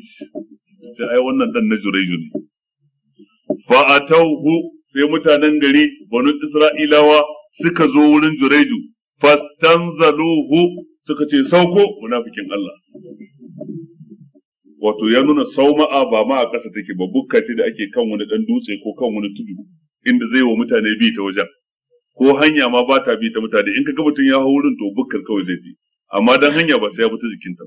sai ai wannan dan na jurayj ne fa atawhu sai mutanen gari banu isra'ilawa suka zo wurin jurayj fastanzaluhu suka ce sauko munafikin Allah wato ya nuna sauma'a ba ma a ƙasa take ba bukka ce da ake kan wani ɗan dutse ko kan wani tudu inda zai wa mutane bi ta wajen ko hanya ma ba ta bi ta mutane in ka ga mutum ya hau wurin to bukkar kawai zai ji, amma dan hanya ba sai ya fita jikinta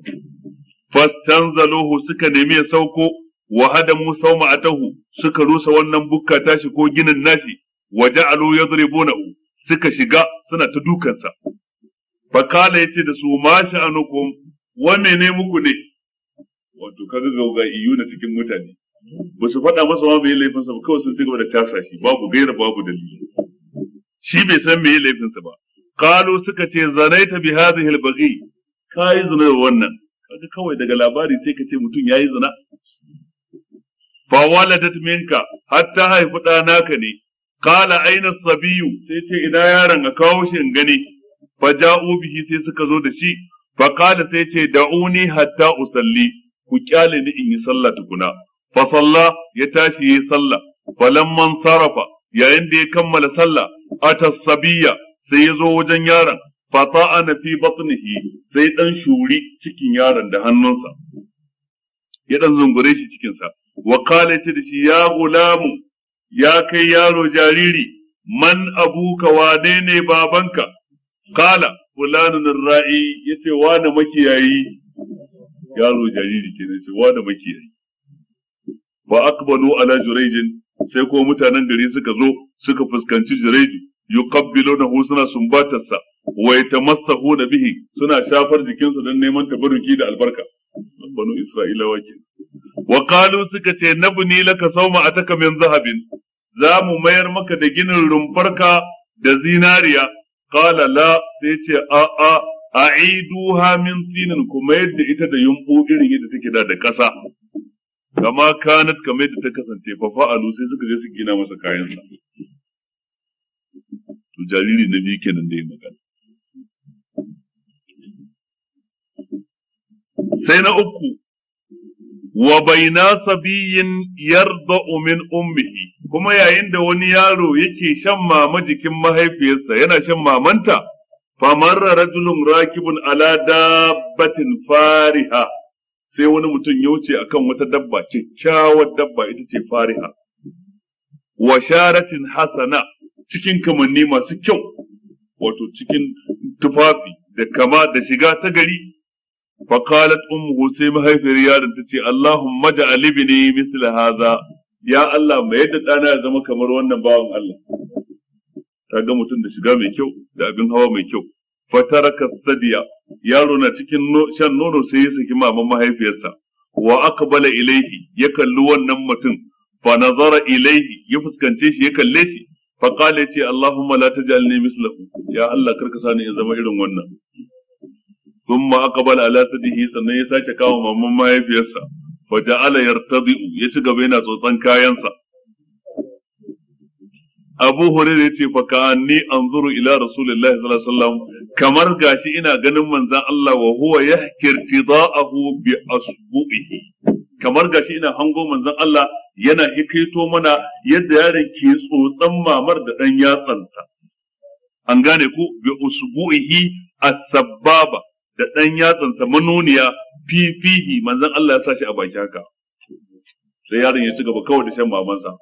fastanzaluhu suka nemi ya sauko wa hadamu sauma'atahu suka rusa wannan bukka tashi ko ginin nashi wa ja'alu yadribunahu suka shiga suna ta dukansa fakala ce da su ma sha'anukum wa mene muku ne wato kaga gauga iyu na cikin mutane ba su faɗa masa ma mai laifin sa kawai sun ci gaba da casa shi babu gaira babu dalili shi bai san mai laifin sa ba Kalu suka ce zanaita bi hadhihi al ka kai zina da wannan kaga kawai daga labari sai ka ce mutum yayi zina fa waladat minka hatta haifi ɗana ka ne qala aina sabiyu sai ce ina yaron a kawo shi in gani faja'u bihi sai suka zo da shi faqala sai ce da'uni hatta usalli ku kyale ni in yi sallah tukuna fa salla ya tashi yi sallah falamman sarafa yayin da ya kammala sallah atasabiyya sai ya zo wajen yaron fata'ana fi batnihi sai dan shuri cikin yaron da hannunsa ya dan zungure shi cikin sa wa kale ce da shi ya gulamu ya kai yaro jariri man abuka wane ne babanka kala fulanun ra'i yace wani makiyayi yaro jariri kenan ce da makiyayi ba aqbalu ala jurejin sai ko mutanen gari suka zo suka fuskanci jureji yuqabbilunahu suna sumbatarsa wa yatamassahuna bihi suna shafar jikinsa don neman tabaruki da albarka banu isra'ilawa ke wa qalu suka ce nabni laka sauma ataka min zahabin za mu mayar maka da ginin rumfarka da zinariya qala la sai ce a a a'iduha min tinin kuma yadda ita da yumbu irin yadda take da da kasa kama kanat kamar yadda ta kasance fa fa'alu sai suka je su gina masa kayan sa to jariri na biyu kenan da yin magana sai na uku wa baina sabiyin yarda'u min ummihi kuma yayin da wani yaro yake shan mama jikin mahaifiyarsa yana shan mamanta famarra rajulun rakibun ala dabbatin fariha sai wani mutum ya wuce akan wata dabba kyakkyawar dabba ita ce fariha wa sharatin hasana cikin kamanni masu kyau wato cikin tufafi da kama da shiga ta gari faqalat ummuhu sai mahaifiyar yaron ta ce allahumma ja'al ibni haza. ya Allah mai yadda ɗana ya zama kamar wannan bawan Allah ta ga mutum da shiga mai kyau da abin hawa mai kyau fataraka sadiya yaro na cikin shan nono sai ya saki maman mahaifiyarsa wa aqbala ilaihi ya kalli wannan mutum fa nazara ilaihi ya fuskance shi ya kalle shi fa qala ce allahumma la tajalni mislahu ya Allah karka sani in zama irin wannan thumma aqbala ala sadihi sannan ya sake kawo maman mahaifiyarsa fa ja'ala yartadi'u ya ci gaba yana tsotsan kayansa Abu Hurairah yace fa ka'anni anzuru ila Rasulillahi sallallahu alaihi wasallam kamar gashi ina ganin manzon Allah wa huwa yahkir tida'ahu bi asbu'ihi kamar gashi ina hango manzon Allah yana fito mana yadda yarin ke tsotsan mamar da dan yatsanta an gane ku bi usbu'ihi as-sababa da ɗan yatsansa manuniya fi fihi manzon Allah ya sa shi a baki haka sai yaron ya ci gaba kawai da shan mamansa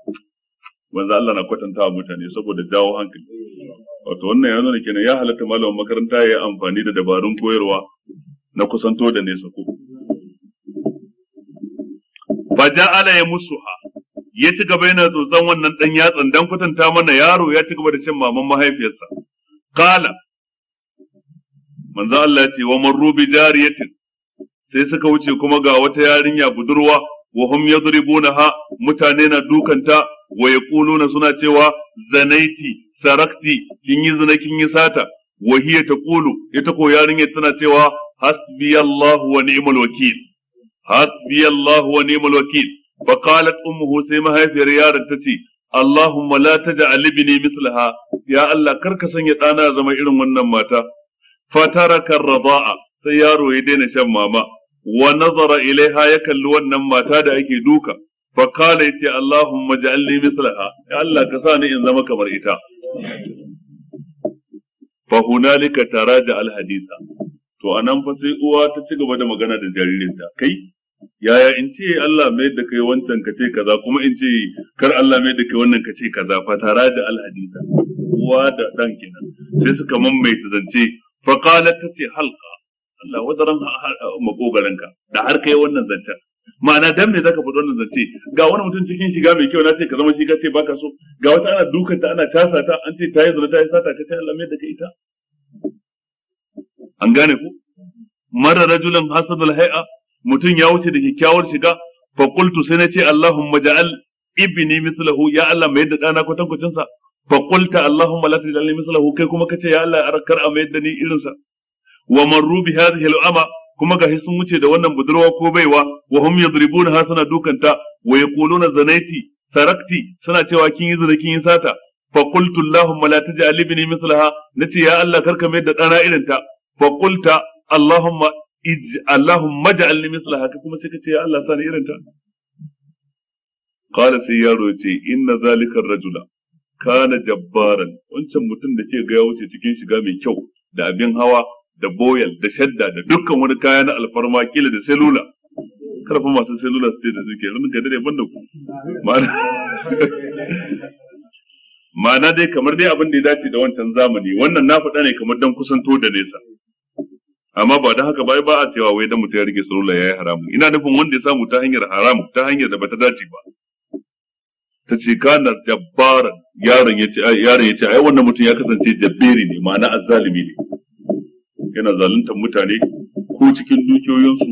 manzon Allah na kwatanta wa mutane saboda jawo hankali wato wannan ya nuna kenan ya halatta malamin makaranta ya yi amfani da dabarun koyarwa na kusanto da nesa ko ala ya musu ha ya ci gaba yana tsotson wannan dan yatsan dan kwatanta mana yaro ya ci gaba da shan maman mahaifiyarsa kala manzo Allah ce wa man rubi jariyatin sai suka wuce kuma ga wata yarinya budurwa wa hum yadribunaha mutane na dukanta wa na suna cewa zanaiti sarakti kin yi zina kin yi sata wa hiya taqulu ita ko yarinya tana cewa hasbiyallahu wa ni'mal wakil hasbiyallahu wa ni'mal wakil fa qalat ummuhu sai mahaifiyar yaron tace Allahumma la taj'al ibni mislaha ya Allah karka sanya ɗana zama irin wannan mata fataraka raba'a sai yaro ya daina shan mama wa nazara ilaiha ya kalli wannan mata da ake duka fa kala yace Allahumma ja'alni mislaha ya Allah ka sa ni in zama kamar ita fa hunalika taraja al haditha to anan fa sai uwa ta ci gaba da magana da jaririnta kai yaya in ce Allah mai da kai wancan ka kaza kuma in ce kar Allah wannan kaza fa al da sai suka zance fa tace halka. Allah wadaran ka, uh, da har kai wannan zancen ma'ana dan me zaka faɗi wannan zance ga wani mutum cikin shiga mai kyau na ce ka zama shi ka ce baka so ga wata ana dukanta ana tasa ta an ce ta yi zina ta yi sata ka ce Allah mai da ka ita an gane ku mara rajulan hasadul hay'a mutum ya wuce da kyakkyawar shiga fa qultu sai ce Allahumma ja'al ibni mithluhu ya Allah mai da dana kwatankwacin sa fa qulta Allahumma la taj'alni mithluhu kai kuma kace ya Allah kar a mai da ni irin sa wa marru bi hadhihi al'ama kuma gashi sun wuce da wannan budurwa ko baiwa wa hum yadribuna suna dukanta wa yaquluna zanaiti sarakti suna cewa kin yi zina kin yi sata fa qultu allahumma la taj'al ibni mislaha nace ya Allah karka mai da dana irin ta fa qulta allahumma ij allahumma ja'al li mislaha kuma sai kace ya Allah sani irin ta qala sai yaro yace inna zalika rajula kana jabbaran wancan mutum da ke ga wuce cikin shiga mai kyau da abin hawa da boyal da shadda da dukkan wani kaya na alfarma kila da selula karfa masu selula su ce da suke ranar ka dare banda ku ma'ana dai kamar dai abin da ya dace da wancan zamani wannan na faɗa ne kamar dan kusanto da nesa amma ba da haka bai ba a cewa wai dan mutum ya rike salula yayi haramu ina nufin wanda ya samu ta hanyar haramu ta hanyar da bata dace ba ta ce kana jabbaran yaron ya ce ai wannan mutum ya kasance jabberi ne ma'ana azzalimi ne yana zaluntar mutane ko cikin dukiyoyinsu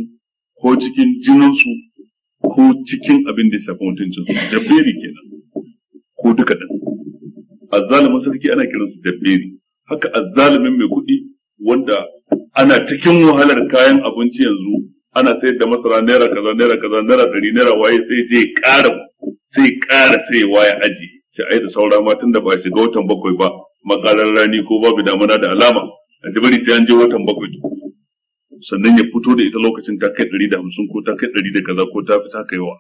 ko cikin jininsu ko cikin abin da ya shafi mutuncinsu jabberi kenan ko duka A azzalumin sarki ana kiransu jabberi haka azzalumin mai kuɗi wanda ana cikin wahalar kayan abinci yanzu ana sayar da masara naira kaza naira kaza naira dari naira waye sai je ƙara sai ƙara sai waye aji sai ai da saura ma da ba shiga watan bakwai ba makarar rani ko babu damuna da alama a ta bari watan bakwai tuku sannan ya fito da ita lokacin ta kai ɗari da hamsin ko ta kai ɗari da kaza ko ta fi ta kai yawa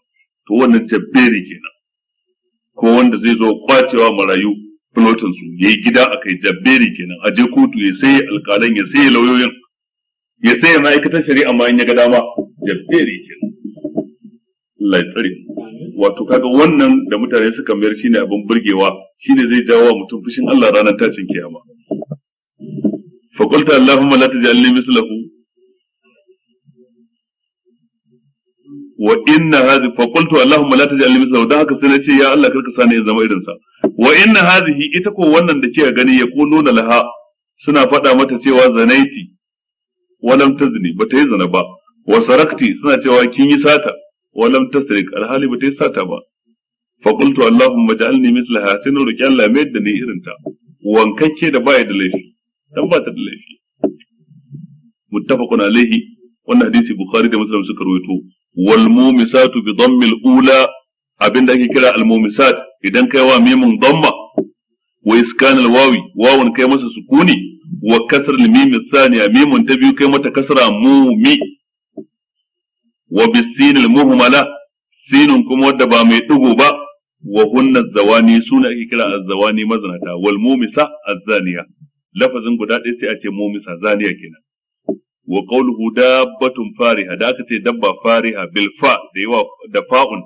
to wannan jabbere kenan ko wanda zai zo kwacewa marayu filotin su ya yi gida a kai jabbere kenan a je kotu ya sai alƙalan ya sai lauyoyin ya sai ma'aikatar shari'a ma in ya ga dama jabbere kenan Allah ya wato kaga wannan da mutane suka mayar shine abin burgewa shine zai jawo wa mutum fushin Allah ranar tashin kiyama fa qulta allahumma la taj'alni mislahu wa inna hadhi fa qultu allahumma la taj'alni dan haka sai nace ya Allah karka sani in zama irin sa wa inna hadhihi ita ko wannan da kika gani ya yaquluna laha suna faɗa mata cewa zanaiti walam tazni bata yi zina suna cewa kin yi sata walam tasrik alhali bata yi sata ba fa qultu allahumma sai na roki irin ta wankakke da baya da laifi dan ba ta da laifi muttafaqun alaihi wannan hadisi bukhari da muslim suka rawaito wal mumisatu bi dhammil ula abinda ake kira al mumisat idan kai wa mimun dhamma wa iskan al wawi wawan kai masa sukuni wa kasr al mim thaniya mimun ta biyu kai mata kasra mumi wa bis sin al muhmala sinun kuma wadda ba mai digo ba wa hunna zawani suna ake kira az zawani mazanata, wal mumisa az zaniya lafazin guda ɗaya sai a ce momisa zaniya kenan wa qawluhu dabbatun fariha da aka ce dabba fariha bil fa da yawa da fa'un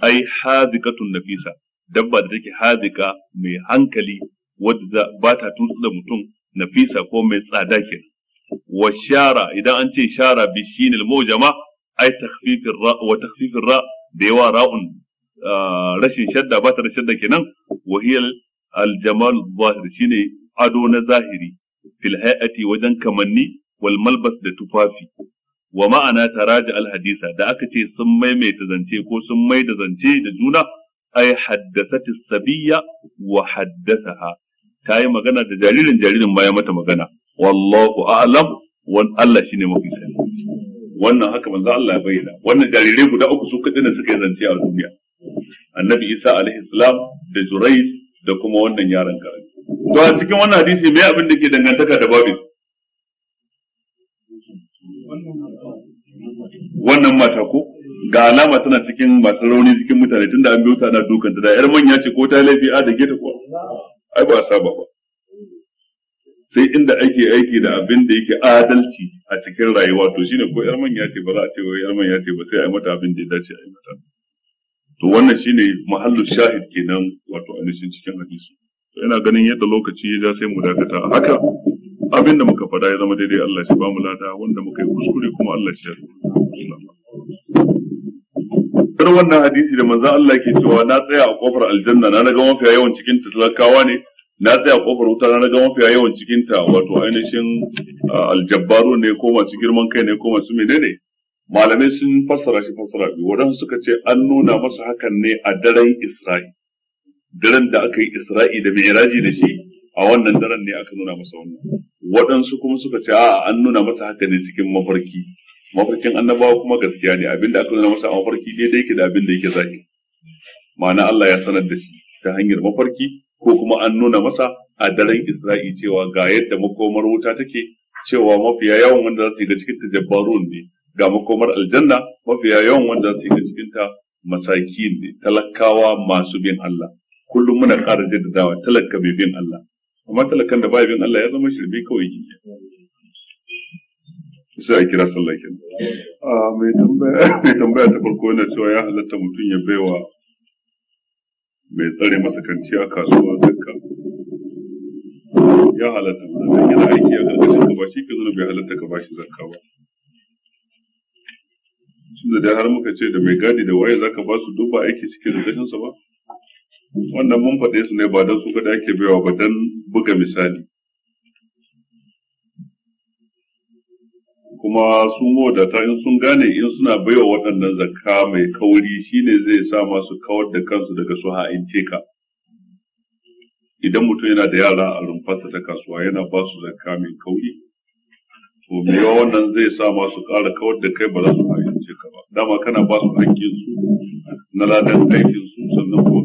ai hazikatun nafisa dabba da take hazika mai hankali wadda ba ta tutsu da mutum nafisa ko mai tsada kenan wa shara idan an ce shara bi shinil mawjama ai takhfifir ra wa takhfifir ra da yawa ra'un ah, rashin shadda ba ta da shadda kenan wa hiya al jamal zahir shine ado na zahiri fil hay'ati wajen kamanni wal malbas da tufafi wa ma'ana taraja al hadisa da aka ce sun maimaita zance ko sun mai da zance da juna ai haddasat sabiyya wa haddasaha ta yi magana da jaririn jaririn ma ya mata magana wallahu a'lam wan Allah shine mafi sani wannan haka manzo Allah ya bayyana wannan jarirai guda uku su kadai suka yi zance a duniya annabi Isa alaihi salam da Jurayz da kuma wannan yaron karami to a cikin wannan hadisi me abin da ke dangantaka da babin wannan mata ko ga alama tana cikin masu rauni cikin mutane tunda an biyo ta na dukan ta da yar manya ce ko ta laifi a da geta ko ai ba saba ba sai inda ake aiki da abin da yake adalci a cikin rayuwa to shine ko yar manya ce ba za a ce wai yar manya ce ba sai a yi mata abin da ya dace a yi mata to wannan shine mahallu shahid kenan wato ainihin cikin hadisi ina ganin yadda lokaci ya ja sai mu dakata haka abin da muka fada ya zama daidai Allah shi ba mu lada wanda muka yi kuskure kuma Allah shi ya kar wannan hadisi da manzon Allah ke cewa na tsaya a kofar aljanna na naga mafiya yawan cikin ta talakawa ne na tsaya a kofar wuta na naga mafiya yawan cikin ta wato ainihin aljabbaru ne ko masu girman kai ne ko masu menene malamai sun fassara shi fassara biyu wadansu suka ce an nuna masa hakan ne a daren Isra'i daren da aka yi isra'i da mi'raji da shi a wannan daren ne aka nuna masa wannan waɗansu kuma suka ce a an nuna masa haka ne cikin mafarki mafarkin annabawa kuma gaskiya ne abinda aka nuna masa a mafarki daidai yake da abinda yake zaki. ma'ana Allah ya sanar da shi ta hanyar mafarki ko kuma an nuna masa a daren Isra'i cewa ga yadda makomar wuta take cewa mafiya yawan wanda za su yi da cikin ta jabbarun ne ga makomar aljanna mafiya yawan wanda za su yi da cikin ta masakin ne talakawa masu bin Allah kullum muna ƙara jaddadawa talaka bai bin Allah amma talakan da bai bin Allah ya zama shirme kawai sai a kira sallah kenan mai tambaya mai tambaya ta farko yana cewa ya halatta mutum ya baiwa mai tsare masa kanciya kasuwa zakka ya halatta mutum yana aiki a ƙarƙashin ka ba shi ka zuna bai halatta ka ba shi zakka ba tunda da har muka ce da mai gadi da waye zaka ba su duba aiki suke da sa ba wannan mun faɗe su ne ba don su kaɗa ake baiwa ba don buga misali kuma sun wadata in sun gane in suna baiwa waɗannan zakka mai kauri shine zai sa masu kawar da kansu daga su ha'ince ka idan mutum yana da yara a rumfarsa ta kasuwa yana ba su zakka mai kauri to mai yawa wannan zai sa masu ƙara kawar da kai ba za su ha'ince ka ba dama kana ba su hankinsu su na ladan aikinsu.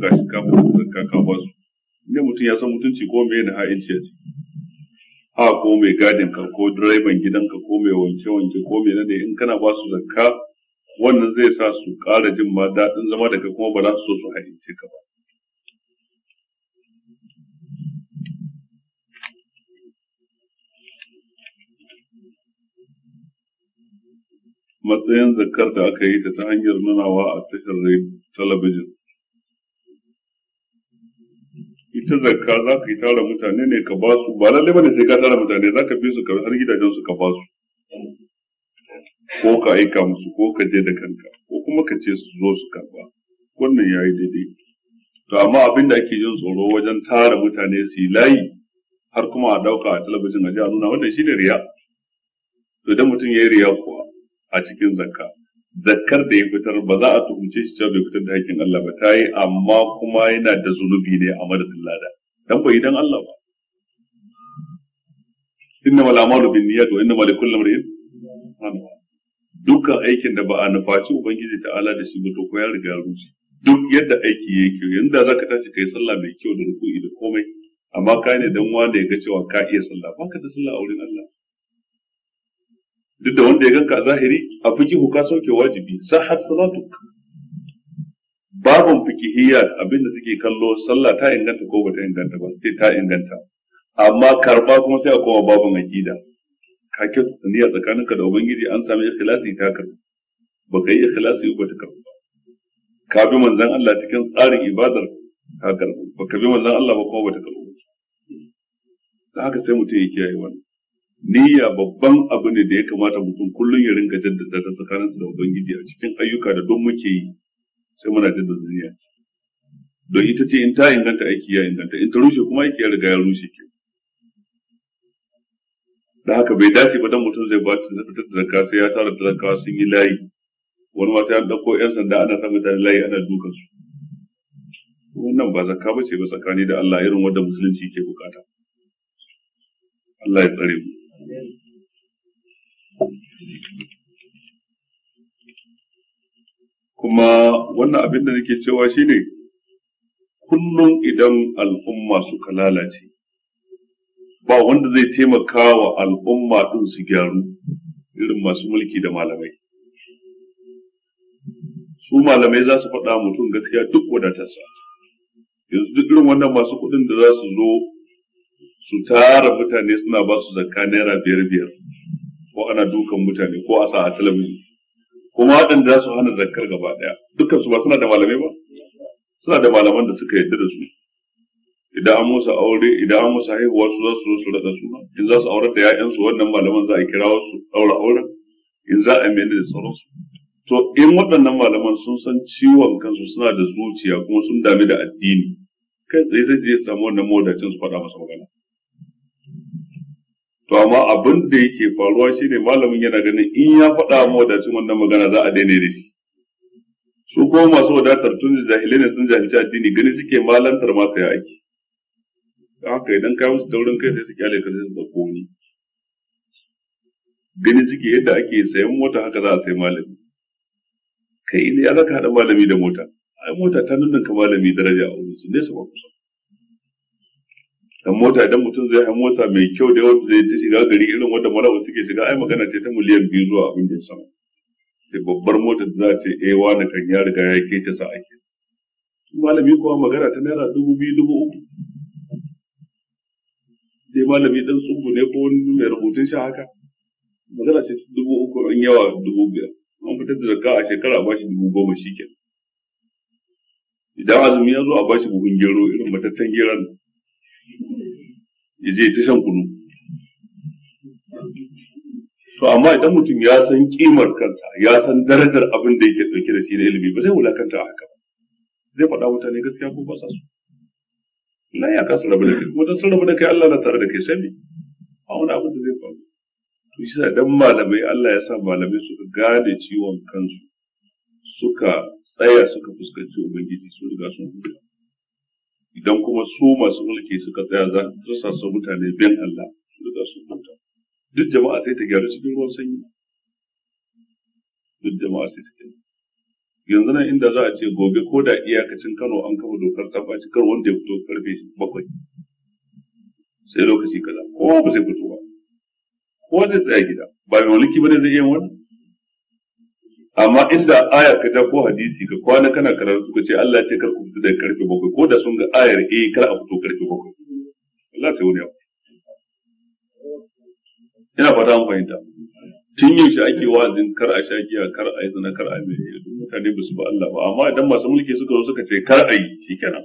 gashi ka ka ka ba su ne mutum ya san mutunci ko me da ha'inci ce ha ko mai gadin ka ko direban gidanka ko mai wanke wanke ko mai nade in kana ba su zakka wannan zai sa su ƙara jin ma daɗin zama da kai kuma ba za su so su ha'ince ka ba matsayin zakar da aka yi ta ta hanyar nunawa a tashar talabijin ita zakka za ka yi tara mutane ne ka ba su ba lallai ne sai ka tara mutane za ka bi su har gidajen su ka ba su ko ka aika musu ko ka je da kanka ko kuma ka ce su zo su karba wannan ya yi daidai to amma abin da ake yin tsoro wajen tara mutane su yi layi har kuma a dauka a talabijin a ji a nuna wannan shi ne riya to idan mutum ya yi riya kuwa a cikin zakka zakkar da ya fitar ba za a tuhumce shi cewa bai fitar da hakkin Allah ba ta yi amma kuma yana da zunubi ne a madadin lada dan bai dan Allah ba inna wal amalu bin niyyati wa inna ma likulli imrin dukkan aikin da ba a nufaci ubangiji ta'ala da shi ba to ko ya riga rushe duk yadda aiki yake yanzu da zaka tashi kai sallah mai kyau da ruku'i da komai amma ka ne dan wanda ya ga cewa ka iya sallah baka da sallah a wurin Allah duk da wanda ya ganka a zahiri a fiki ka sauke wajibi sahar salatu babun fikihiyya abin da suke kallo sallah ta inganta ko bata inganta ba sai ta inganta amma karba kuma sai a koma babun aqida ka kyautata niyya tsakaninka da ubangiji an sami ikhlasi ta karba baka yi ikhlasi ba ta karba ka bi manzon Allah cikin tsarin ibadar ka karba baka bi manzon Allah ba kuma bata karba da haka sai mutum ya kiyaye wannan niyya babban abu ne da ya kamata mutum kullum ya rinka jaddada ta tsakanin da ubangiji a cikin ayyuka da don muke yi sai muna jaddada niyya don ita ce in ta inganta aiki ya inganta in ta rushe kuma aiki ya riga ya rushe ke da haka bai dace ba dan mutum zai bata ta talaka sai ya tara talakawa sun yi layi wani ma sai an dauko yan sanda ana sa mutane layi ana dukan su wannan ba zakka bace ba tsakani da Allah irin wanda musulunci ke bukata Allah ya tsare mu kuma wannan abin da nake cewa shine kullum idan al'umma suka lalace ba wanda zai taimaka wa al'umma ɗin su gyaru irin masu mulki da malamai su malamai za su faɗa mutum gaskiya duk wadatarsa yanzu duk irin wannan masu kuɗin da za su zo su tara mutane suna ba su zakka naira biyar biyar ko ana dukan mutane ko a sa a talabijin kuma waɗanda za su hana zakkar gaba ɗaya dukkan su ba suna da malamai ba suna da malaman da suka yarda da su idan an musu aure idan an musu haihuwa su za su zo su raɗa suna in za su aurar da 'ya'yansu wannan malaman za a kira su ɗaura auren in za a mene da sauransu to in waɗannan malaman sun san ciwon kansu suna da zuciya kuma sun dami da addini kai tsaye zai je samu wannan modacin su faɗa masa magana to amma abin da yake faruwa shine malamin yana ganin in ya faɗa mu cin wannan magana za a daina da shi su kuma masu wadatar tun da jahilai ne sun jahilci addini gani suke malantar ma kai ake don haka idan ka musu taurin kai sai su kyale ka sai su dauko ni gani suke yadda ake sayan mota haka za a sai malami kai ne ya zaka haɗa malami da mota ai mota ta nuna ka malami daraja a wurin su ne su ba kusa dan mota idan mutum zai hau mota mai kyau da wanda zai ta shiga gari irin wanda malawa suke shiga ai magana ce ta miliyan biyu zuwa abin da ya sama sai babbar mota da za ce eh wani kan ya riga ya ta sa ake malami kuwa magana ta naira dubu biyu dubu uku sai malami dan tsubu ne ko wani mai rubutun shi haka magana ce dubu uku in yawa dubu biyar an fitar da zakka a shekara a bashi dubu goma shi kenan idan azumi ya zo a bashi buhun gero irin mataccen geron ya je ta shan kunu to amma idan mutum ya san kimar kansa ya san darajar abin da yake dauke da shi na ilimi ba zai wulakanta a haka ba. zai faɗa mutane gaskiya ko ba sa su la ya kasu rabu da kai kuma ta sun rabu da kai Allah na tare da kai sai a wani abin da zai faru to shi idan malamai Allah ya sa malamai suka gane ciwon kansu suka tsaya suka fuskanci ubangiji su riga sun huta idan kuma su masu mulki suka tsaya za su sassa mutane bin Allah su da su huta duk jama'a sai ta gyaru cikin ruwan sanyi duk jama'a sai ta gyara yanzu nan inda za a ce gobe ko da iyakacin Kano an kafa dokar ta ba cikar wanda ya fito karfe bakwai sai lokaci kaza kowa ba zai fito ba kowa zai tsaya gida ba mai mulki ba ne zai iya wani amma inda aya ka ta ko hadisi ka kwana kana karatu suka ce Allah ce kar ku fito da karfe bakwai ko da sun ga ayar eh kar a fito karfe bakwai Allah sai wani abu ina fata an fahimta tun yaushe ake wa'azin kar a sha giya kar a yi zina kar a yi duk mutane ba su ba Allah ba amma idan masu mulki suka zo suka ce kar a yi shi sai ga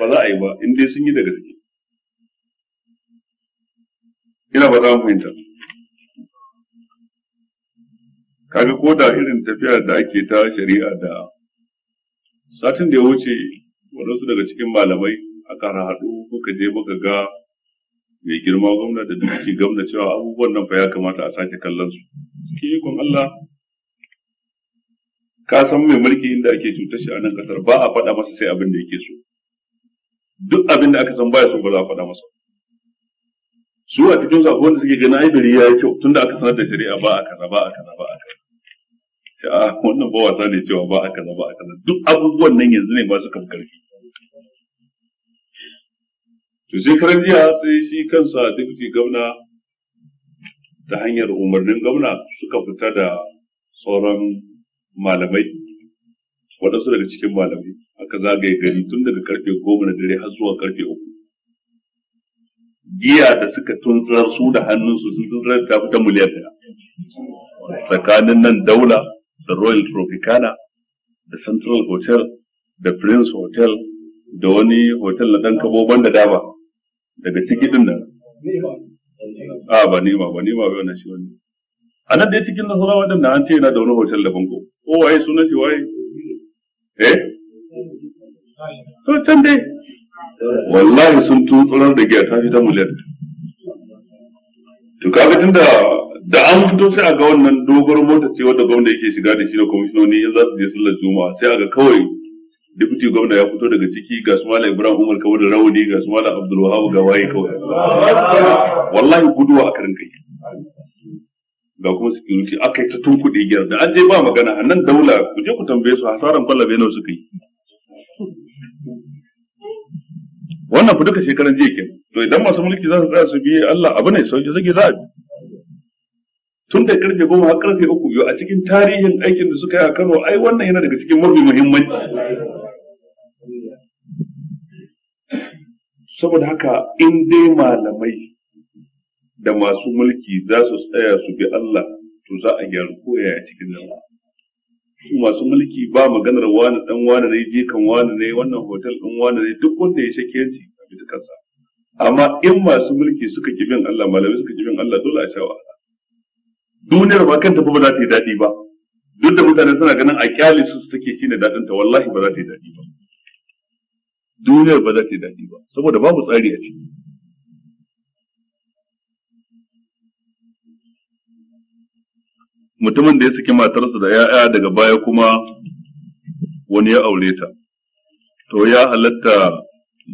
ba za a yi ba in dai sun yi daga gaske ina fata an fahimta kaga ko da irin tafiyar da ake ta shari'a da satin da ya wuce waɗansu daga cikin malamai aka haɗu muka je muka ga mai girma gwamna da duki gwamna cewa abubuwan nan fa ya kamata a sake kallon su cikin ikon Allah ka san mai mulki inda ake cutar shi a nan kasar ba a faɗa masa sai abin da yake so duk abin da aka san baya so ba za a faɗa masa su a cikin sako wanda suke ganin ai bari ya yi kyau tunda aka sanar da shari'a ba a kaza ba a kaza ba a a ah, wannan ba wasa ne cewa ba a kaza ba a kaza duk abubuwan nan yanzu ne ba su kan karfi to jiya sai shi kansa deputy gwamna ta hanyar umarnin gwamna suka fita da sauran malamai waɗansu daga cikin malamai aka zagaye gari tun daga karfe goma na dare har zuwa karfe uku giya da suka tuntsar su da hannunsu sun tuntsar ta fita miliyan daya tsakanin nan daula da royal tropicana da central hotel da prince hotel da wani hotel na ɗan kabo da dama. daga ciki ɗin nan a ba nima ba nima bai wani shi wani a nan dai cikin nasarawa din na an ce yana da wani hotel da bango ko waye sunan shi waye eh to can dai wallahi sun tutsurar da giya ta fi ta Tuka to kaga da. da an fito sai a ga wannan dogon mota ce wadda gwamna yake shiga da shi da kwamishinoni in za su je sallar juma'a sai a ga kawai deputy gwamna ya fito daga ciki ga su malam ibrahim umar kawai da rauni ga su malam abdul wahab ga waye kawai wallahi guduwa a karin kai ga kuma security aka yi ta tunkuɗe gyara da an je ba magana a nan daula ku je ku tambaye su hasaran kwallabe nawa suka yi wannan ku duka shekaran jiya kenan to idan masu mulki za su tsaya su biye Allah abu ne sauki zage za a bi tun da karfe goma har karfe uku biyu a cikin tarihin aikin da suka yi a Kano ai wannan yana daga cikin mafi muhimmanci saboda haka in dai malamai da masu mulki za su tsaya su bi Allah to za a gyaru koya a cikin jama'a su masu mulki ba maganar wani dan wani ne je kan wani ne wannan hotel dan wani ne duk wanda ya shake yanci a bi kansa amma in masu mulki suka bin Allah malamai suka bin Allah dole a cewa duniyar ba kanta ba za ta yi daɗi ba duk da mutane suna ganin a kyale su take ne daɗin ta wallahi ba za ta yi daɗi ba duniyar ba za ta yi daɗi ba saboda babu tsari a ciki mutumin da ya saki matarsa da ya'ya daga baya kuma wani ya aure ta to ya halatta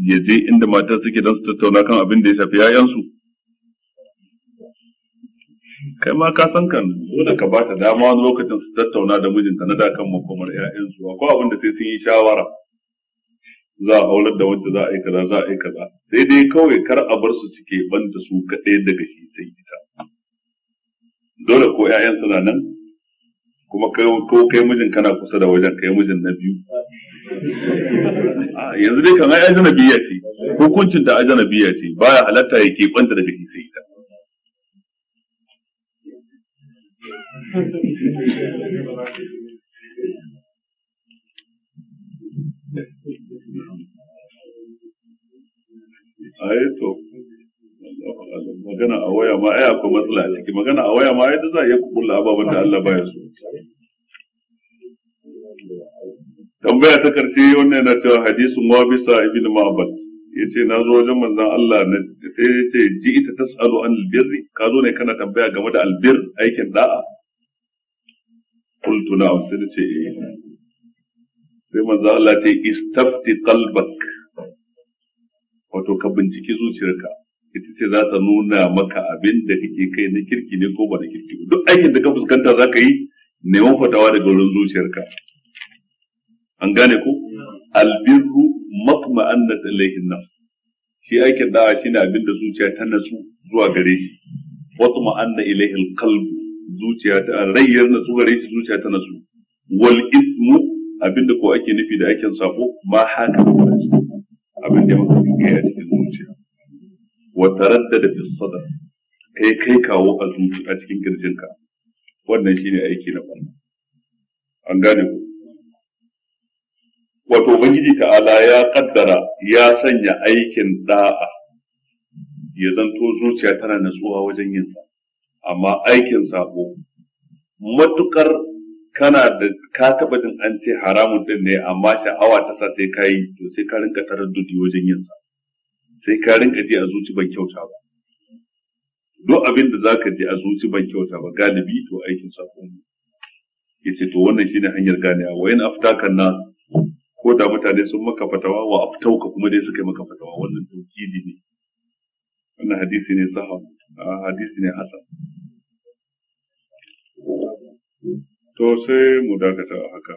ya je inda matar suke don su tattauna kan abin da ya shafi 'ya'yansu kai ma ka san kan dole ka ba ta dama wani lokacin su tattauna da mijinta na dakan makomar ƴaƴansu ko abin da sai sun yi shawara za a aular da wacce za a yi kaza za a yi kaza sai dai kawai kar a bar su suke banta su kaɗai daga shi sai ita dole ko ƴaƴan suna nan kuma ko kai mijin kana kusa da wajen kai mijin na biyu ah, yanzu dai kan ai ajanabiya ce hukuncin da ajanabiya ce baya halatta ya keɓanta daga shi sai ita to magana a waya ma ai akwai matsala a ciki magana a waya ma ai da za a iya kulla ababen da Allah baya so tambaya ta karshe wannan yana cewa hadisin wa bisa ibn ma'bad yace na zo wajen manzon Allah na sai yace ji ita tasalu an albirri ka zo ne kana tambaya game da albir aikin da'a qultu na'am sai ce sai manzo Allah ta istafti qalbak wato ka binciki zuciyarka ita ce za ta nuna maka abin da kake kai na kirki ne ko ba kirki duk aikin da ka fuskanta za ka yi neman fatawa daga wurin zuciyarka an gane ko albirru matma'annat ilayhi nafs shi aikin da'a shine abin da zuciya ta natsu zuwa gare shi watma'anna ilayhi alqalbu zuciya ta rayyar na su gare shi zuciya ta nasu wal ismu abinda ko ake nufi da aikin sako ma haka abin da maka kai a cikin zuciya wa taraddada fi sadr kai kai kawo a zuciya a cikin kirjinka wannan shine aiki na farko an gane ku wato ubangiji ta'ala ya kaddara ya sanya aikin da'a ya zanto zuciya tana natsuwa wajen yin sa amma aikin sabo matukar kana da ka taba jin an ce haramun din ne amma sha'awa ta sa sai ka yi to sai ka rinka taraddudi wajen yin sa sai ka rinka ji a zuci ban kyauta ba duk abin da zaka ji a zuci ban kyauta ba galibi to aikin sabo ne yace to wannan shine hanyar gane wa in aftakan na ko da mutane sun maka fatawa wa aftauka kuma dai suka yi maka fatawa wannan tauhidi ne wannan hadisi ne sahih ah, hadisi ne hasan to sai mu dakata a haka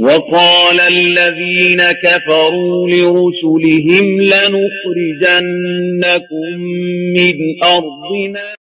وقال الذين كفروا لرسلهم لنخرجنكم من أرضنا